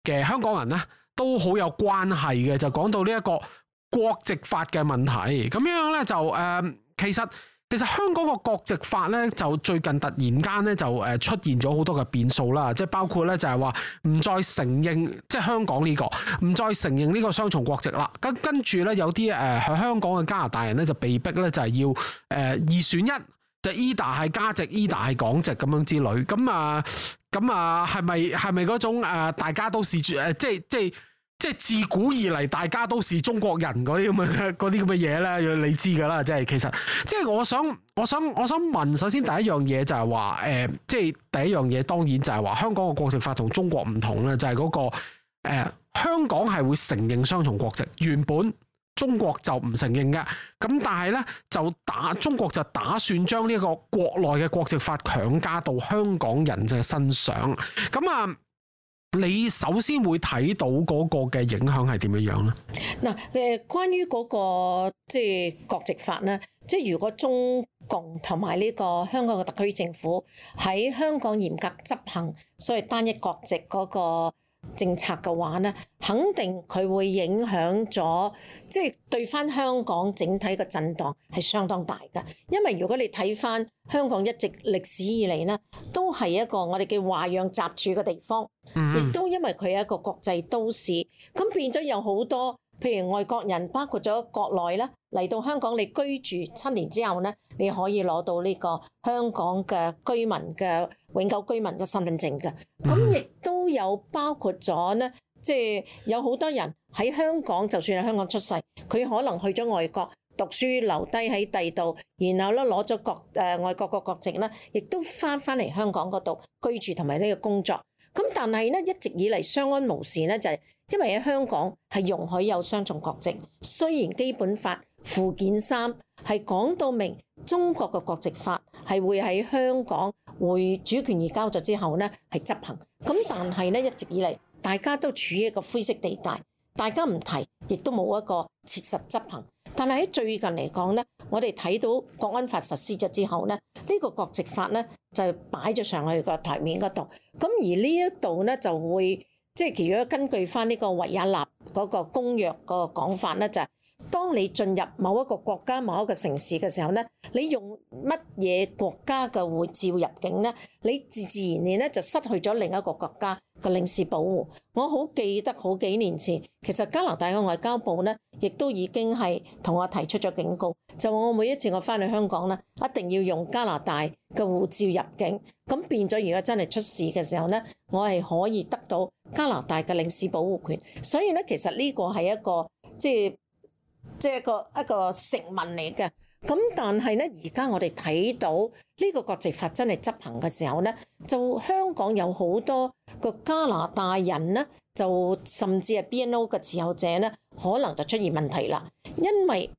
嘅香港人咧都好有關係嘅。就講到呢一個國籍法嘅問題，咁樣咧就誒、呃，其實。其實香港個國籍法咧，就最近突然間咧就誒出現咗好多嘅變數啦，即係包括咧就係話唔再承認即係、就是、香港呢、呢個，唔再承認呢個雙重國籍啦。咁跟住咧有啲誒喺香港嘅加拿大人咧就被逼咧就係要誒、呃、二選一，就 either 係加籍 either 係港籍咁樣之類。咁啊咁啊係咪係咪嗰種誒、呃、大家都視住誒即係即係？即係自古以嚟，大家都是中國人嗰啲咁嘅嗰啲咁嘅嘢咧，你知噶啦。即係其實，即係我想，我想，我想問，首先第一樣嘢就係話，誒，即係第一樣嘢，當然就係話香港嘅國籍法同中國唔同啦，就係嗰個誒，香港係會承認雙重國籍，原本中國就唔承認嘅，咁但係咧就打中國就打算將呢個國內嘅國籍法強加到香港人嘅身上，咁啊。你首先會睇到嗰個嘅影響係點樣樣咧？嗱，誒，關於嗰個即係國籍法咧，即係如果中共同埋呢個香港嘅特區政府喺香港嚴格執行，所謂單一國籍嗰個。政策嘅話咧，肯定佢會影響咗，即係對翻香港整體嘅震盪係相當大㗎。因為如果你睇翻香港一直歷史以嚟咧，都係一個我哋嘅華洋雜處嘅地方，亦都因為佢係一個國際都市，咁變咗有好多。譬如外國人，包括咗國內咧，嚟到香港你居住七年之後咧，你可以攞到呢個香港嘅居民嘅永久居民嘅身份證嘅。咁亦都有包括咗咧，即係有好多人喺香港，就算係香港出世，佢可能去咗外國讀書，留低喺第度，然後咧攞咗國誒外國嘅國籍咧，亦都返返嚟香港嗰度居住同埋呢個工作。咁但係咧，一直以嚟相安無事咧，就係因為喺香港係容許有雙重國籍。雖然基本法附件三係講到明中國嘅國籍法係會喺香港會主權移交咗之後咧係執行，咁但係咧，一直以嚟大家都處於一個灰色地帶，大家唔提，亦都冇一個切實執行。但係喺最近嚟講咧，我哋睇到國安法實施咗之後咧，呢個國籍法咧就擺咗上去個台面嗰度。咁而呢一度咧就會，即係如果根據翻呢個維也納嗰個公約個講法咧，就係當你進入某一個國家某一個城市嘅時候咧，你用乜嘢國家嘅護照入境咧，你自自然然咧就失去咗另一個國家。個領事保護，我好記得好幾年前，其實加拿大嘅外交部咧，亦都已經係同我提出咗警告，就話我每一次我翻去香港咧，一定要用加拿大嘅護照入境，咁變咗如果真係出事嘅時候咧，我係可以得到加拿大嘅領事保護權。所以咧，其實呢個係一個即係即係一個一個，一個成文嚟嘅。咁但係咧，而家我哋睇到呢個國籍法真係執行嘅時候咧，就香港有好多個加拿大人咧，就甚至係 BNO 嘅持有者咧，可能就出現問題啦，因為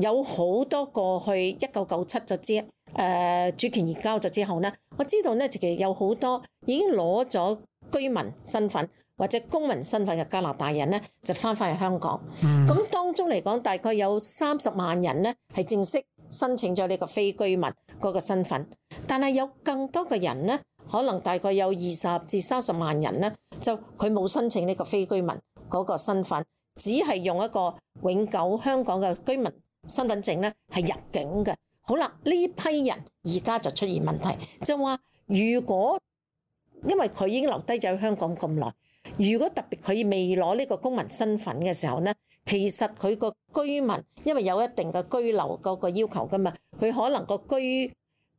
有好多過去一九九七就之誒主權移交咗之後咧，我知道咧，其實有好多已經攞咗居民身份。或者公民身份嘅加拿大人咧，就返返去香港。咁當中嚟講，大概有三十萬人咧，係正式申請咗呢個非居民嗰個身份。但係有更多嘅人咧，可能大概有二十至三十萬人咧，就佢冇申請呢個非居民嗰個身份，只係用一個永久香港嘅居民身份證咧，係入境嘅。好啦，呢批人而家就出現問題，就話如果因為佢已經留低咗香港咁耐。如果特別佢未攞呢個公民身份嘅時候咧，其實佢個居民因為有一定嘅居留嗰個要求㗎嘛，佢可能個居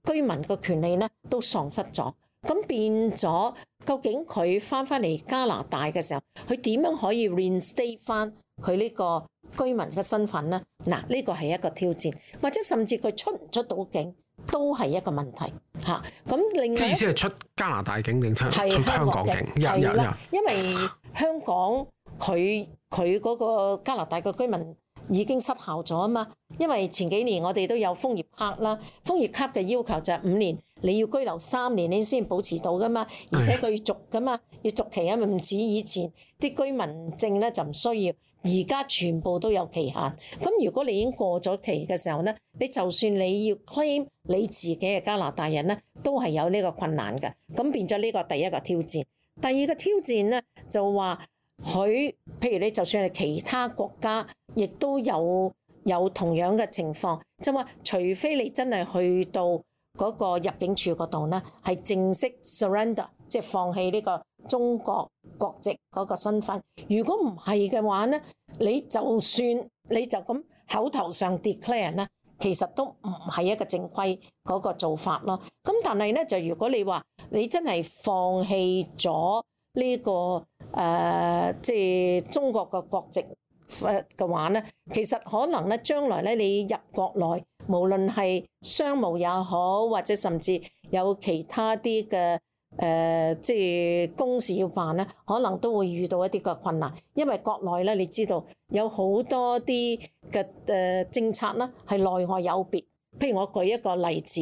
居民個權利咧都喪失咗，咁變咗究竟佢返返嚟加拿大嘅時候，佢點樣可以 reinstate 翻佢呢個居民嘅身份咧？嗱，呢個係一個挑戰，或者甚至佢出唔出到境？都係一個問題嚇，咁另外，即意思係出加拿大境定出是出香港境入入，因為香港佢佢嗰個加拿大嘅居民已經失效咗啊嘛。因為前幾年我哋都有楓葉卡啦，楓葉卡嘅要求就係五年，你要居留三年你先保持到噶嘛，而且佢要續噶嘛，要續期啊嘛，唔止以前啲居民證咧就唔需要。而家全部都有期限，咁如果你已經過咗期嘅時候咧，你就算你要 claim 你自己嘅加拿大人咧，都係有呢個困難嘅，咁變咗呢個第一個挑戰。第二個挑戰咧就話佢，譬如你就算係其他國家，亦都有有同樣嘅情況，就係話除非你真係去到嗰個入境處嗰度咧，係正式 surrender，即係放棄呢個。中國國籍嗰個身份，如果唔係嘅話咧，你就算你就咁口頭上 declare 咧，其實都唔係一個正規嗰個做法咯。咁但係咧，就如果你話你真係放棄咗呢個誒，即係中國嘅國籍嘅話咧，其實可能咧，將來咧你入國內，無論係商務也好，或者甚至有其他啲嘅。誒，即係、呃就是、公事要辦咧，可能都會遇到一啲嘅困難，因為國內咧，你知道有好多啲嘅誒政策啦，係內外有別。譬如我舉一個例子，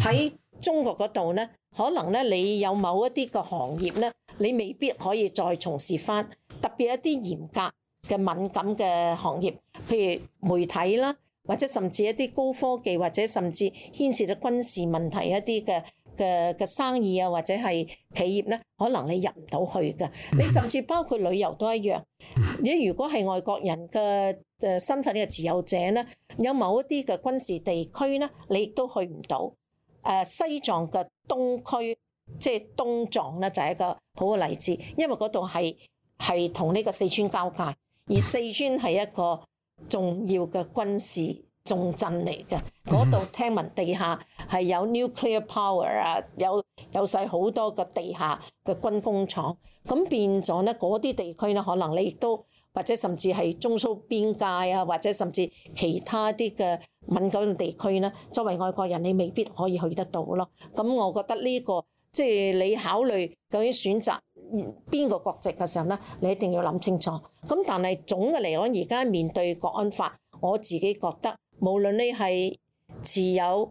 喺中國嗰度咧，可能咧你有某一啲嘅行業咧，你未必可以再從事翻，特別一啲嚴格嘅敏感嘅行業，譬如媒體啦，或者甚至一啲高科技，或者甚至牽涉到軍事問題一啲嘅。嘅嘅生意啊，或者係企業咧，可能你入唔到去㗎。你甚至包括旅遊都一樣。你如果係外國人嘅嘅身份嘅持有者咧，有某一啲嘅軍事地區咧，你亦都去唔到。誒，西藏嘅東區，即係東藏咧，就係一個好嘅例子，因為嗰度係係同呢個四川交界，而四川係一個重要嘅軍事。重鎮嚟嘅，嗰度、嗯、聽聞地下係有 nuclear power 啊，有有曬好多個地下嘅軍工廠，咁變咗咧，嗰啲地區咧，可能你亦都或者甚至係中蘇邊界啊，或者甚至其他啲嘅敏感地區咧，作為外國人你未必可以去得到咯。咁我覺得呢、這個即係、就是、你考慮究竟選擇邊個國籍嘅時候咧，你一定要諗清楚。咁但係總嘅嚟講，而家面對國安法，我自己覺得。無論你係持有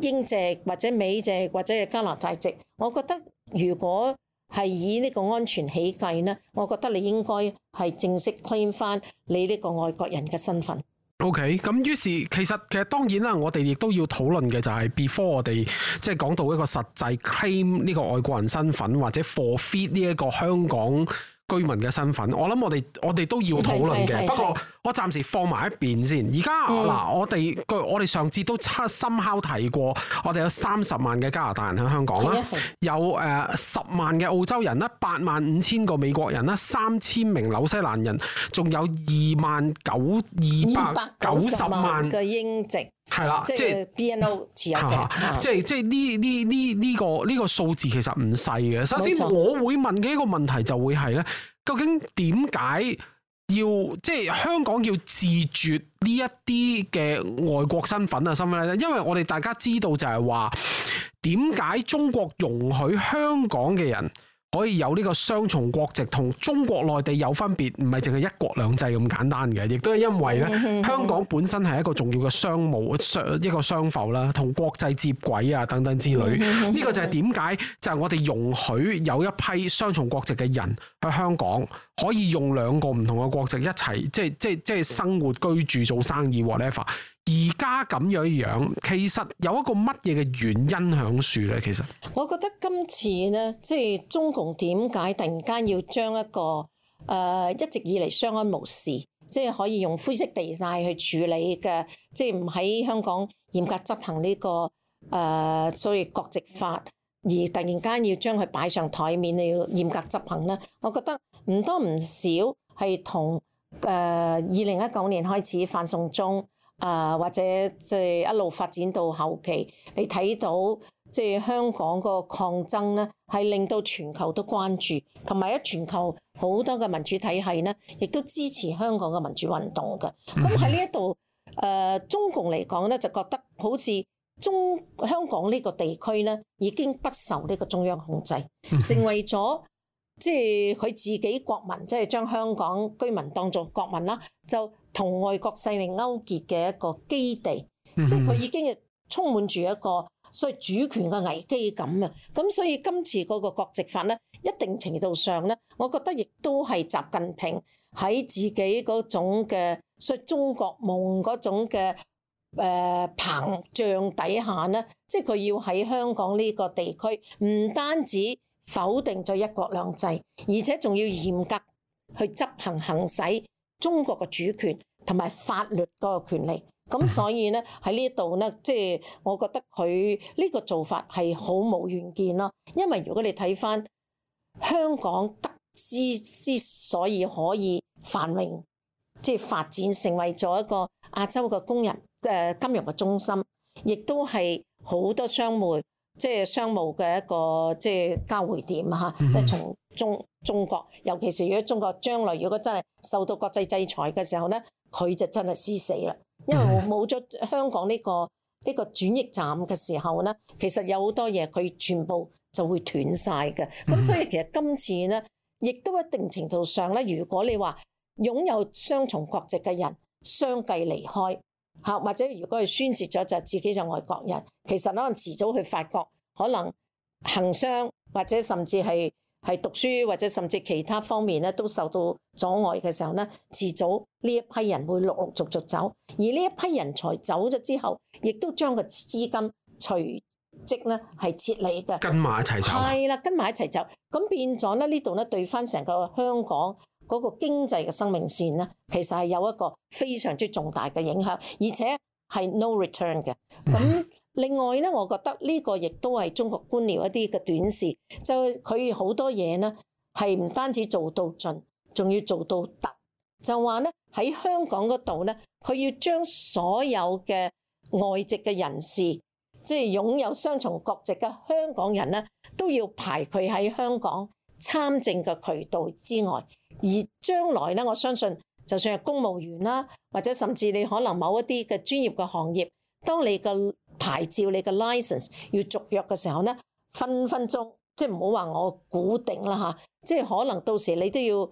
英籍或者美籍或者係加拿大籍，籍，我覺得如果係以呢個安全起計呢，我覺得你應該係正式 claim 翻你呢個外國人嘅身份。OK. 咁於是其實其實，其實當然啦，我哋亦都要討論嘅就係 before 我哋即係講到一個實際 claim 呢個外國人身份或者 forfeit 呢一個香港。居民嘅身份，我諗我哋我哋都要討論嘅，不過我暫時放埋一邊先。而家嗱，我哋據我哋上次都七深刻提過，我哋有三十萬嘅加拿大人喺香港啦，有誒十、呃、萬嘅澳洲人啦，八萬五千個美國人啦，三千名紐西蘭人，仲有二萬九二百九十萬嘅英籍。係啦，即係 D N O 持有者即係是、啊、即係呢呢呢呢個呢、呢個數字其實唔細嘅。首先我會問嘅一個問題就會係咧，錯究竟點解要即係香港要自絕呢一啲嘅外國身份啊、身份咧？因為我哋大家知道就係話，點解中國容許香港嘅人，可以有呢個雙重國籍，同中國內地有分別，唔係淨係一國兩制咁簡單嘅，亦都係因為咧，香港本身係一個重要嘅商務、商一個商埠啦，同國際接軌啊等等之類。呢 個就係點解就係我哋容許有一批雙重國籍嘅人去香港。可以用兩個唔同嘅國籍一齊，即係即係即係生活居住做生意 whatever。而家咁樣樣，其實有一個乜嘢嘅原因響處咧？其實我覺得今次咧，即係中共點解突然間要將一個誒一直以嚟相安無事，即係可以用灰色地帶去處理嘅，即係唔喺香港嚴格執行呢個誒所謂國籍法，而突然間要將佢擺上台面，要嚴格執行咧，我覺得。唔多唔少係同誒二零一九年開始反送中誒，或者即係一路發展到後期，你睇到即係香港個抗爭咧，係令到全球都關注，同埋喺全球好多嘅民主體系咧，亦都支持香港嘅民主運動嘅。咁喺呢一度誒中共嚟講咧，就覺得好似中香港呢個地區咧已經不受呢個中央控制，成為咗。即係佢自己國民，即係將香港居民當做國民啦，就同外國勢力勾結嘅一個基地，即係佢已經充滿住一個所謂主權嘅危機感啊！咁所以今次嗰個國籍法咧，一定程度上咧，我覺得亦都係習近平喺自己嗰種嘅所以中國夢嗰種嘅誒、呃、膨脹底下咧，即係佢要喺香港呢個地區唔單止。否定咗一國兩制，而且仲要嚴格去執行行使中國嘅主權同埋法律嗰個權利。咁所以咧喺呢度咧，即係、就是、我覺得佢呢個做法係好冇遠見咯。因為如果你睇翻香港得知之所以可以繁榮，即、就、係、是、發展成為咗一個亞洲嘅工人誒、呃、金融嘅中心，亦都係好多商會。即係商務嘅一個即係交匯點嚇，即係從、mm hmm. 中中國，尤其是如果中國將來如果真係受到國際制裁嘅時候咧，佢就真係死死啦。因為冇咗香港呢、這個呢、這個轉譯站嘅時候咧，其實有好多嘢佢全部就會斷晒嘅。咁所以其實今次咧，亦都一定程度上咧，如果你話擁有雙重國籍嘅人相繼離開。嚇，或者如果佢宣泄咗，就是、自己就外國人。其實可能遲早去發覺，可能行商或者甚至係係讀書或者甚至其他方面咧，都受到阻礙嘅時候咧，遲早呢一批人會陸陸續續走。而呢一批人才走咗之後，亦都將個資金隨即咧係撤離嘅，跟埋一齊走。係啦，跟埋一齊走，咁變咗咧呢度咧對翻成個香港。嗰個經濟嘅生命線咧，其實係有一個非常之重大嘅影響，而且係 no return 嘅。咁另外咧，我覺得呢個亦都係中國官僚一啲嘅短視，就佢，是，好多嘢咧係唔單止做到盡，仲要做到特。就話咧喺香港嗰度咧，佢要將所有嘅外籍嘅人士，即係擁有雙重國籍嘅香港人咧，都要排佢喺香港參政嘅渠道之外。而將來咧，我相信就算係公務員啦，或者甚至你可能某一啲嘅專業嘅行業，當你嘅牌照、你嘅 licence 要續約嘅時候咧，分分鐘即係唔好話我估定啦嚇，即係可能到時你都要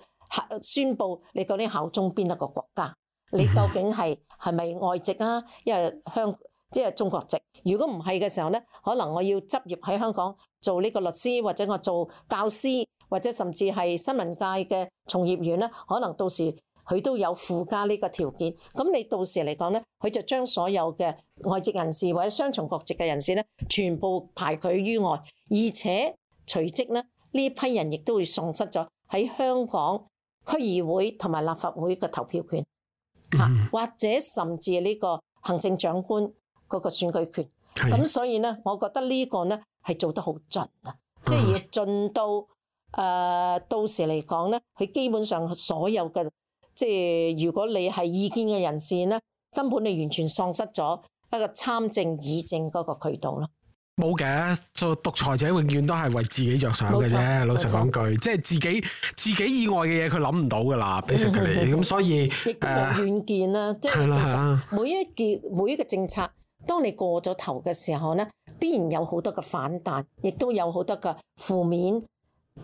宣佈你究竟效忠邊一個國家，你究竟係係咪外籍啊？因為香即係中國籍。如果唔係嘅時候咧，可能我要執業喺香港做呢個律師，或者我做教師。或者甚至係新聞界嘅從業員咧，可能到時佢都有附加呢個條件。咁你到時嚟講咧，佢就將所有嘅外籍人士或者雙重國籍嘅人士咧，全部排拒於外，而且隨即咧呢批人亦都會喪失咗喺香港區議會同埋立法會嘅投票權嚇，mm hmm. 或者甚至呢個行政長官嗰個選舉權。咁、mm hmm. 所以咧，mm hmm. 我覺得呢個咧係做得好盡啊，即、就、係、是、要盡到。誒、呃、到時嚟講咧，佢基本上所有嘅即係，如果你係意見嘅人士咧，根本你完全喪失咗一個參政議政嗰個渠道咯。冇嘅，做獨裁者永遠都係為自己着想嘅啫。錯老實講句，對即係自己自己以外嘅嘢，佢諗唔到噶啦，俾食佢哋咁，所以亦都遠見啦。呃、即係其實每一件啦啦每一個政策，當你過咗頭嘅時候咧，必然有好多嘅反彈，亦都有好多嘅負面。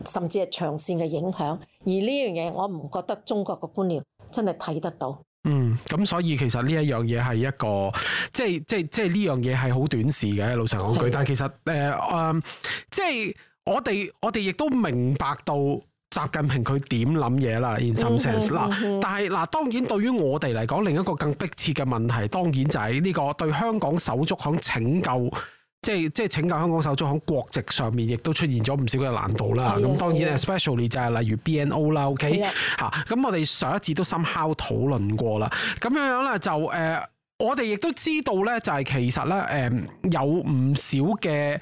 甚至係長線嘅影響，而呢樣嘢我唔覺得中國嘅官僚真係睇得到。嗯，咁所以其實呢一樣嘢係一個，即係即係即係呢樣嘢係好短視嘅老實講句。的但係其實誒、呃，嗯，即係我哋我哋亦都明白到習近平佢點諗嘢啦。In some sense 嗱、嗯，嗯嗯、但係嗱，當然對於我哋嚟講，另一個更迫切嘅問題，當然就係呢個對香港手足響拯救。即係即係拯救香港手足喺國籍上面，亦都出現咗唔少嘅難度啦。咁、嗯、當然，especially 就係例如 BNO 啦、okay? 的。O K，吓咁我哋上一次都深敲討論過啦。咁樣樣咧就誒、呃，我哋亦都知道咧，就係、是、其實咧誒、呃，有唔少嘅。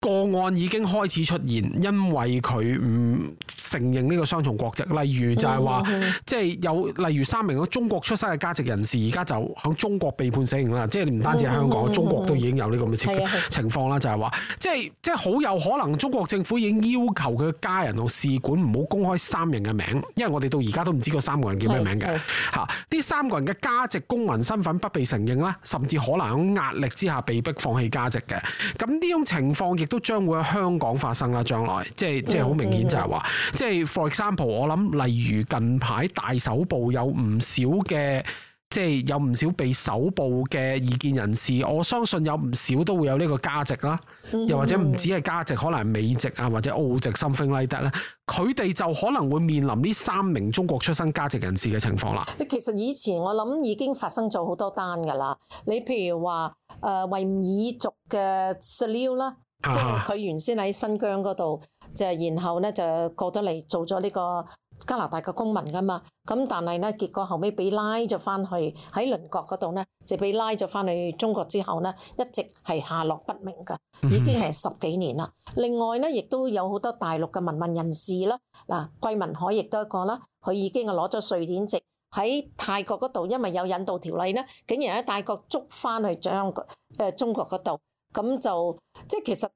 個案已經開始出現，因為佢唔承認呢個雙重國籍，例如就係話，mm hmm. 即係有例如三名中國出生嘅加籍人士，而家就喺中國被判死刑啦。即係唔單止喺香港，mm hmm. 中國都已經有呢個咁嘅情況啦、mm hmm. 就係、是、話，即係即係好有可能，中國政府已經要求佢家人同使館唔好公開三人嘅名，因為我哋到而家都唔知嗰三個人叫咩名嘅吓。呢、mm hmm. 三個人嘅加籍公民身份不被承認啦，甚至可能喺壓力之下被迫放棄加籍嘅。咁呢種情況亦。都將會喺香港發生啦。將來即係即係好明顯就，就係話即係 for example，我諗例如近排大搜捕有唔少嘅，即係有唔少被搜捕嘅異見人士，我相信有唔少都會有呢個加籍啦。又或者唔止係加籍，可能美籍啊，或者澳籍 something like that，佢哋、like、就可能會面臨呢三名中國出生加籍人士嘅情況啦。其實以前我諗已經發生咗好多單㗎啦。你譬如話誒、呃、維吾爾族嘅 Cleo 啦。即係佢原先喺新疆嗰度，就然後咧就過咗嚟做咗呢個加拿大嘅公民噶嘛，咁但係咧結果後尾被拉咗翻去喺鄰國嗰度咧，就被拉咗翻去中國之後咧，一直係下落不明噶，已經係十幾年啦。另外咧，亦都有好多大陸嘅文文人士啦，嗱，桂文海亦都一個啦，佢已經係攞咗瑞典籍喺泰國嗰度，因為有引渡條例咧，竟然喺泰國捉翻去將誒中國嗰度。咁就即係其實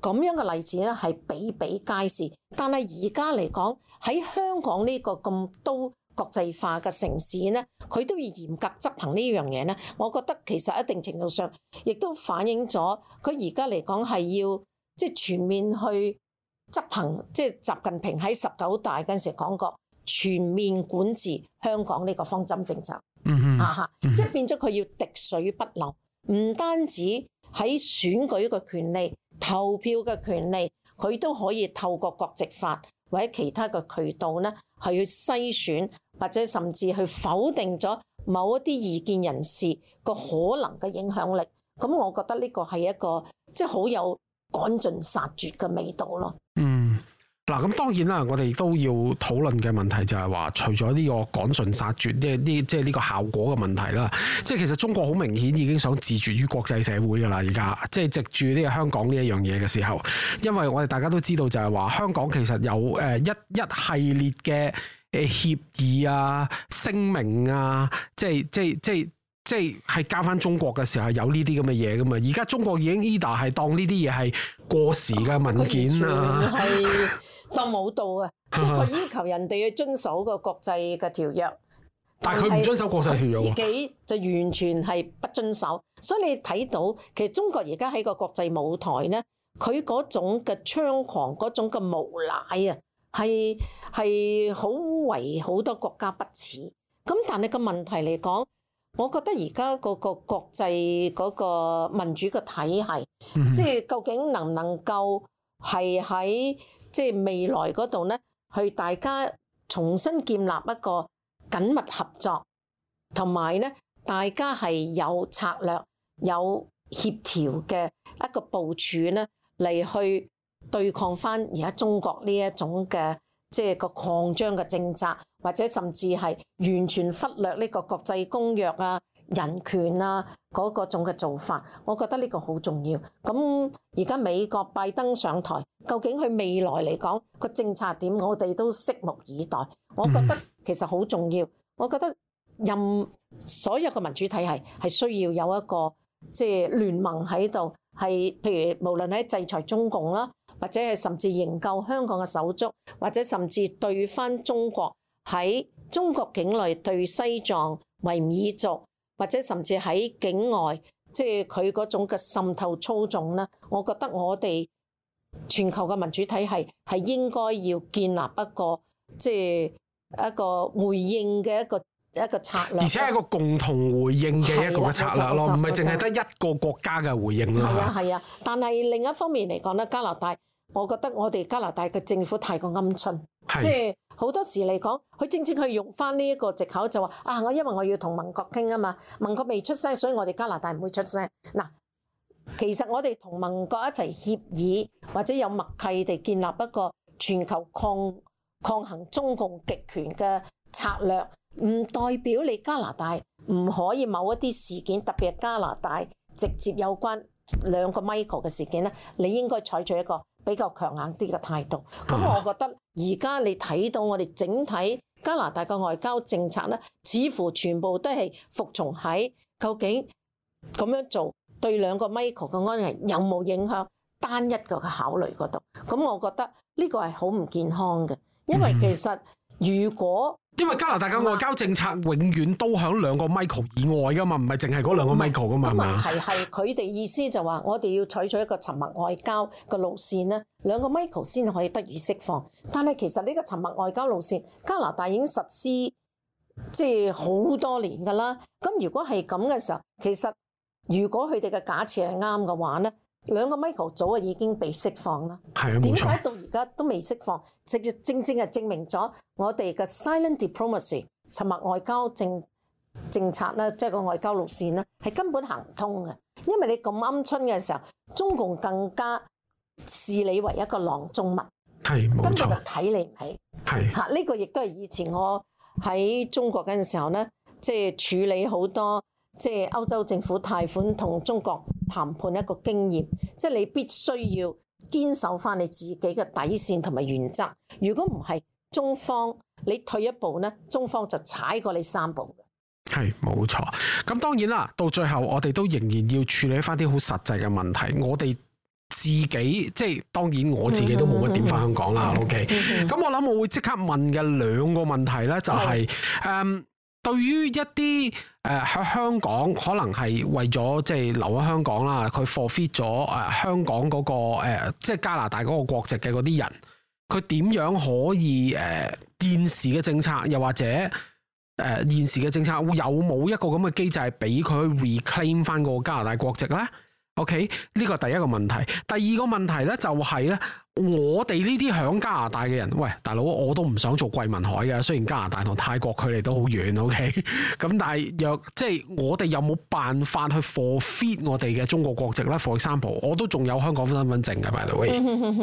咁樣嘅例子咧，係比比皆是。但係而家嚟講喺香港呢個咁都國際化嘅城市咧，佢都要嚴格執行呢樣嘢咧。我覺得其實一定程度上亦都反映咗佢而家嚟講係要即係全面去執行，即係習近平喺十九大嗰陣時講過全面管治香港呢個方針政策。嗯嗯啊哈，即 hmm. 係 mm hmm. 變咗佢要滴水不漏，唔單止。喺選舉嘅權利、投票嘅權利，佢都可以透過國籍法或者其他嘅渠道咧，係去篩選或者甚至去否定咗某一啲意見人士個可能嘅影響力。咁我覺得呢個係一個即係好有趕盡殺絕嘅味道咯。嗯。嗱，咁當然啦，我哋都要討論嘅問題就係話，除咗呢個趕盡殺絕，即係呢，即係呢個效果嘅問題啦。即係其實中國好明顯已經想自絕於國際社會噶啦，而家即係籍住呢個香港呢一樣嘢嘅時候，因為我哋大家都知道就係話，香港其實有誒一一系列嘅誒協議啊、聲明啊，即係即係即係即係係交翻中國嘅時候有呢啲咁嘅嘢噶嘛。而家中國已經 either 係當呢啲嘢係過時嘅文件啊。 當冇到啊，即係佢要求人哋去遵守個國際嘅條約，但係佢唔遵守國際條約，自己就完全係不遵守。所以你睇到其實中國而家喺個國際舞台咧，佢嗰種嘅猖狂、嗰種嘅無賴啊，係係好為好多國家不齒。咁但係個問題嚟講，我覺得而家個個國際個民主嘅體系，嗯、哼即係究竟能唔能夠係喺？即係未來嗰度咧，去大家重新建立一個緊密合作，同埋咧，大家係有策略、有協調嘅一個部署咧，嚟去對抗返而家中國呢一種嘅即係個擴張嘅政策，或者甚至係完全忽略呢個國際公約啊，人權啊嗰種嘅做法，我覺得呢個好重要。咁而家美國拜登上台，究竟佢未來嚟講政策點，我哋都拭目以待。我覺得其實好重要。我覺得任所有嘅民主體系係需要有一個即係、就是、聯盟喺度，係譬如無論喺制裁中共啦，或者係甚至營救香港嘅手足，或者甚至對翻中國喺中國境內對西藏維吾爾族。或者甚至喺境外，即係佢嗰種嘅滲透操縱啦，我覺得我哋全球嘅民主體系，係應該要建立一個即係一個回應嘅一個一個策略，而且係一個共同回應嘅一個策略咯，唔係淨係得一個國家嘅回應咯。係啊係啊，但係另一方面嚟講咧，加拿大，我覺得我哋加拿大嘅政府太過鵪鶉。是即係好多時嚟講，佢正正去用翻呢一個藉口就話啊，我因為我要同盟國傾啊嘛，盟國未出聲，所以我哋加拿大唔會出聲。嗱，其實我哋同盟國一齊協議或者有默契地建立一個全球抗抗衡中共極權嘅策略，唔代表你加拿大唔可以某一啲事件，特別係加拿大直接有關兩個 Michael 嘅事件咧，你應該採取一個比較強硬啲嘅態度，咁我覺得而家你睇到我哋整體加拿大嘅外交政策咧，似乎全部都係服從喺究竟咁樣做對兩個 Michael 嘅安全有冇影響單一個嘅考慮嗰度，咁我覺得呢個係好唔健康嘅，因為其實如果因為加拿大嘅外交政策永遠都響兩個 Michael 以外噶嘛，唔係淨係嗰兩個 Michael 噶嘛，係嘛、嗯？係係佢哋意思就話，我哋要採取,取一個沉默外交嘅路線咧，兩個 Michael 先可以得以釋放。但係其實呢個沉默外交路線，加拿大已經實施即係好多年噶啦。咁如果係咁嘅時候，其實如果佢哋嘅假設係啱嘅話咧。兩個 Michael 早啊已經被釋放啦，點解的到而家都未釋放？直接正正係證明咗我哋嘅 silent diplomacy 沉默外交政政策啦，即係個外交路線啦，係根本行唔通嘅。因為你咁啱春嘅時候，中共更加視你為一個囊中物，根本就睇你唔起。係嚇的，呢個亦都係以前我喺中國嗰陣時候咧，即係處理好多。即係歐洲政府貸款同中國談判一個經驗，即係你必須要堅守翻你自己嘅底線同埋原則。如果唔係，中方你退一步咧，中方就踩過你三步。係，冇錯。咁當然啦，到最後我哋都仍然要處理翻啲好實際嘅問題。我哋自己即係當然，我自己都冇乜點翻香港啦。 OK。咁 我諗我會即刻問嘅兩個問題咧、就係，就係誒對於一啲。誒喺香港可能係為咗即係留喺香港啦，佢 forfeit 咗誒、呃、香港嗰、嗰個、呃、即係加拿大嗰個國籍嘅嗰啲人，佢點樣可以誒、呃、現時嘅政策，又或者誒、呃、現時嘅政策會有冇一個咁嘅機制，係俾佢 reclaim 翻個加拿大國籍咧？OK，呢個第一個問題，第二個問題咧就係咧，我哋呢啲響加拿大嘅人，喂，大佬，我都唔想做桂民海嘅，雖然加拿大同泰國距離都好遠，OK，咁 但係若即係我哋有冇辦法去 forfeit 我哋嘅中國國籍咧，for example，我都仲有香港身份證嘅，喂，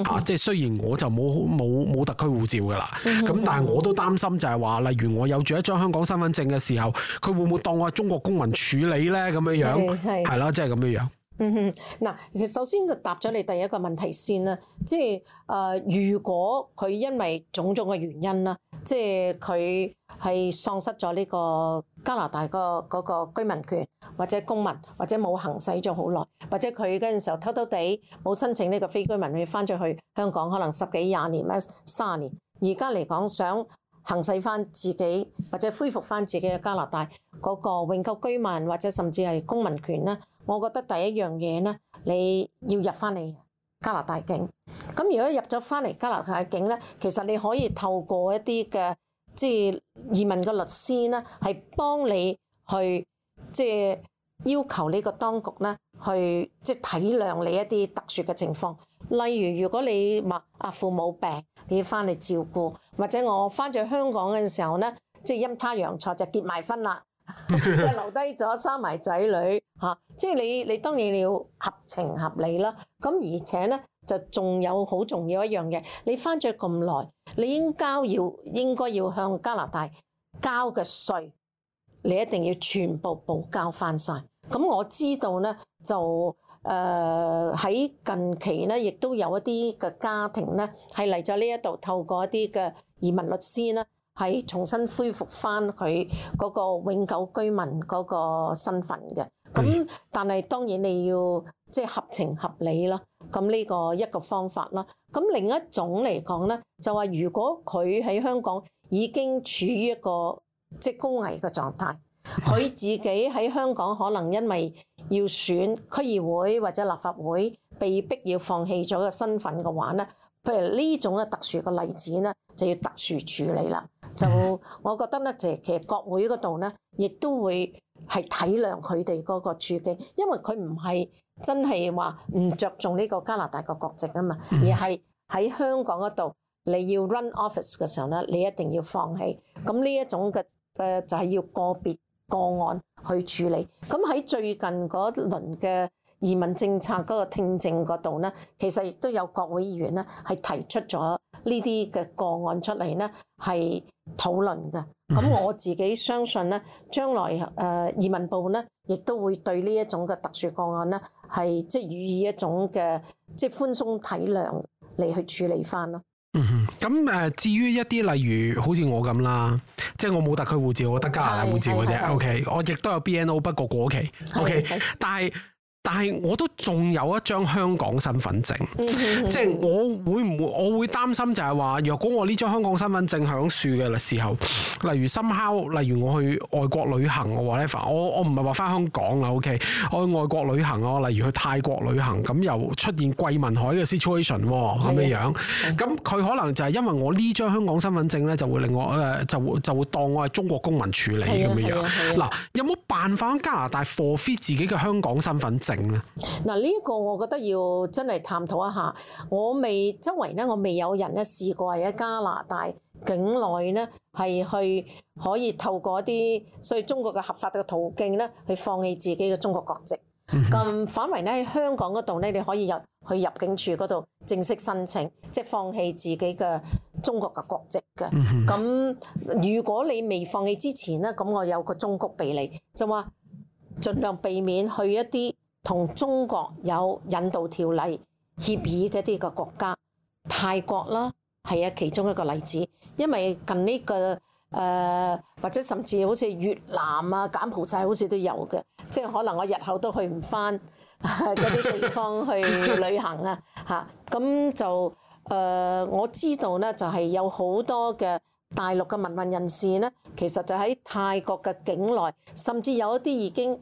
啊，即係雖然我就冇冇冇特區護照噶啦，咁 但係我都擔心就係話，例如我有住一張香港身份證嘅時候，佢會唔會當我係中國公民處理咧？咁 樣樣係咯，即係咁樣樣。嗯哼，嗱，其實首先就答咗你第一個問題先啦，即係誒、呃，如果佢因為種種嘅原因啦，即係佢係喪失咗呢個加拿大個嗰個居民權，或者公民，或者冇行使咗好耐，或者佢嗰陣時候偷偷地冇申請呢個非居民去翻咗去香港，可能十幾廿年咩三十年，而家嚟講想，行使翻自己，或者恢復翻自己嘅加拿大嗰個永久居民，或者甚至係公民權咧。我覺得第一樣嘢咧，你要入翻嚟加拿大境。咁如果入咗翻嚟加拿大境咧，其實你可以透過一啲嘅即係移民嘅律師咧，係幫你去即係要求呢個當局咧，去即係體諒你一啲特殊嘅情況。例如，如果你話阿父母病，你要翻嚟照顧，或者我翻咗香港嘅時候咧、即係 啊，即陰差陽錯就結埋婚啦，就留低咗生埋仔女嚇，即係你你當然你要合情合理啦。咁而且咧，就仲有好重要一樣嘢：你翻咗咁耐，你應交要應該要向加拿大交嘅稅，你一定要全部補交翻晒。咁我知道咧就。誒喺、uh, 近期咧，亦都有一啲嘅家庭咧，係嚟咗呢一度，透過一啲嘅移民律師咧，係重新恢復翻佢嗰個永久居民嗰個身份嘅。咁、嗯、但係當然你要即係、就是、合情合理啦。咁呢個一個方法啦。咁另一種嚟講咧，就話、是、如果佢喺香港已經處於一個即係、就是、高危嘅狀態。佢自己喺香港可能因為要選區議會或者立法會，被逼要放棄咗個身份嘅話咧，譬如呢種嘅特殊嘅例子咧，就要特殊處理啦。就我覺得咧，就係其實國會嗰度咧，亦都會係體諒佢哋嗰個處境，因為佢唔係真係話唔着重呢個加拿大個國籍啊嘛，而係喺香港嗰度你要 run office 嘅時候咧，你一定要放棄。咁呢一種嘅嘅就係、是、要個別。個案去處理，咁喺最近嗰輪嘅移民政策嗰個聽證嗰度咧，其實亦都有國會議員咧係提出咗呢啲嘅個案出嚟咧，係討論嘅。咁我自己相信咧，將來誒、呃、移民部咧，亦都會對呢一種嘅特殊個案咧，係即係予以一種嘅即係寬鬆體諒嚟去處理翻咯。嗯哼，咁誒，至於一啲例如好似我咁啦，即係我冇特區護照，我得加拿大護照嘅啫。O Okay , K，我亦都有 B N O，不過過期。對 O okay , K，但係。但係我都仲有一張香港身份證， 即係我會唔會？我會擔心就係話，若果我呢張香港身份證響樹嘅時候，例如 somehow，例如我去外國旅行，嘅話咧，我我唔係話翻香港啦，OK？我去外國旅行，啊，例如去泰國旅行，咁又出現桂民海嘅 situation 咁樣樣，咁佢 可能就係因為我呢張香港身份證咧，就會令我誒，就會就會當我係中國公民處理咁樣樣。嗱，有冇辦法喺加拿大 forfeit 自己嘅香港身份證？嗱，呢一個我覺得要真係探討一下，我未周圍咧，我未有人咧試過喺加拿大境內咧係去可以透過一啲所以中國嘅合法嘅途徑咧，去放棄自己嘅中國國籍。咁、嗯、哼反為咧喺香港嗰度咧，你可以入去入境處嗰度正式申請，即係放棄自己嘅中國嘅國籍嘅。咁、嗯、哼如果你未放棄之前咧，咁我有個忠告俾你就話，儘量避免去一啲同中國有引渡條例協議嘅啲個國家，泰國啦，係啊其中一個例子，因為近呢，這個誒、呃、或者甚至好似越南啊、柬埔寨好似都有嘅，即係可能我日後都去唔返嗰啲地方去旅行啊吓，咁、啊、就誒、呃、我知道咧，就係、是、有好多嘅大陸嘅民運人士咧，其實就喺泰國嘅境內，甚至有一啲已經。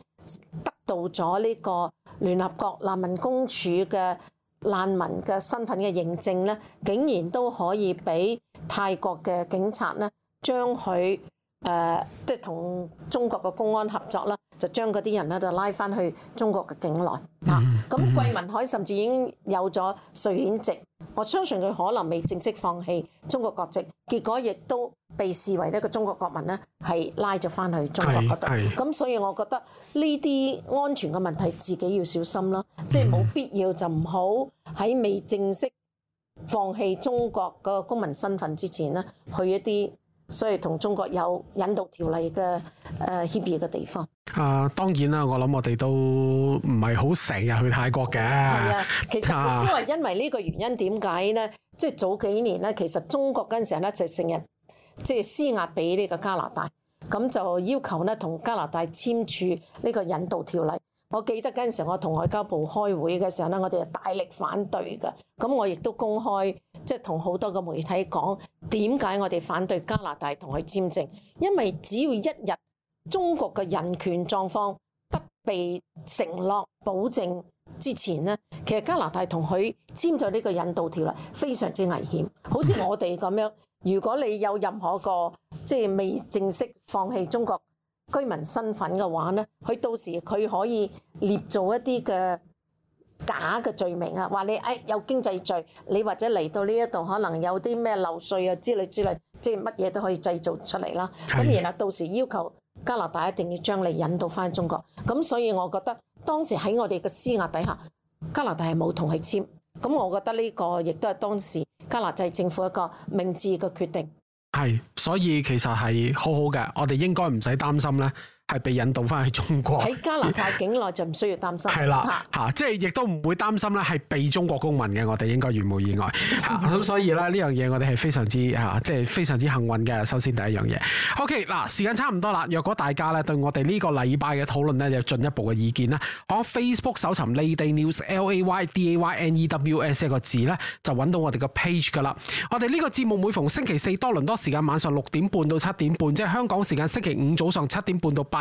做咗呢個聯合國難民公署嘅難民嘅身份嘅認證咧，竟然都可以俾泰國嘅警察咧將佢。誒，即係同中國嘅公安合作啦，就將嗰啲人咧就拉翻去中國嘅境內啊！咁桂民海甚至已經有咗瑞典籍，我相信佢可能未正式放棄中國國籍，結果亦都被視為一個中國國民咧，係拉咗翻去中國嗰度。咁，所以我覺得呢啲安全嘅問題自己要小心啦，即係冇必要就唔好喺未正式放棄中國嗰個公民身份之前呢去一啲。所以同中國有引渡條例嘅誒協議嘅地方啊，當然啦，我諗我哋都唔係好成日去泰國嘅。係啊，其實都係因為呢個原因，點解咧？即係早幾年咧，其實中國嗰陣時咧就成日即係施壓俾呢個加拿大，咁就要求咧同加拿大簽署呢個引渡條例。我記得嗰陣時，我同外交部開會嘅時候咧，我哋係大力反對嘅。咁我亦都公開即係同好多嘅媒體講點解我哋反對加拿大同佢簽證，因為只要一日中國嘅人權狀況不被承諾保證之前咧，其實加拿大同佢簽咗呢個引渡條例非常之危險。好似我哋咁樣，如果你有任何個即係未正式放棄中國居民身份嘅話，咧，佢到時，佢可以捏造一啲嘅假嘅罪名啊，話你誒、哎、有經濟罪，你或者嚟到呢一度可能有啲咩漏稅啊之類之類，即係乜嘢都可以製造出嚟啦。咁的然後到時要求加拿大一定要將你引渡翻中國，咁所以我覺得當時喺我哋嘅施壓底下，加拿大係冇同佢簽，咁我覺得呢個亦都係當時加拿大政府一個明智嘅決定。係，所以其實係好好嘅，我哋應該唔使擔心咧。係被引渡翻去中國，喺加拿大境內就唔需要擔心係啦，嚇，的啊、即係亦都唔會擔心咧係被中國公民嘅，我哋應該完無願意外嚇。咁、嗯啊、所以咧呢樣嘢、嗯、我哋係非常之嚇、啊，即係非常之幸運嘅。首先第一樣嘢，OK 嗱，時間差唔多啦。若果大家咧對我哋呢個禮拜嘅討論咧有進一步嘅意見咧，我 Facebook 搜尋 Lady News L A Y D A Y N E W S 一個字咧就揾到我哋個 page 㗎啦。我哋呢個節目每逢星期四多倫多時間晚上六點半到七點半，即係香港時間星期五早上七點半到八。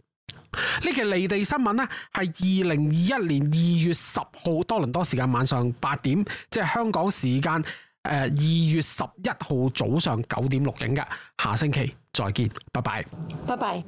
呢期離地新聞呢係二零二一年二月十號多倫多時間晚上八點，即係香港時間誒二月十一號早上九點錄影嘅。下星期再見，拜拜，拜拜。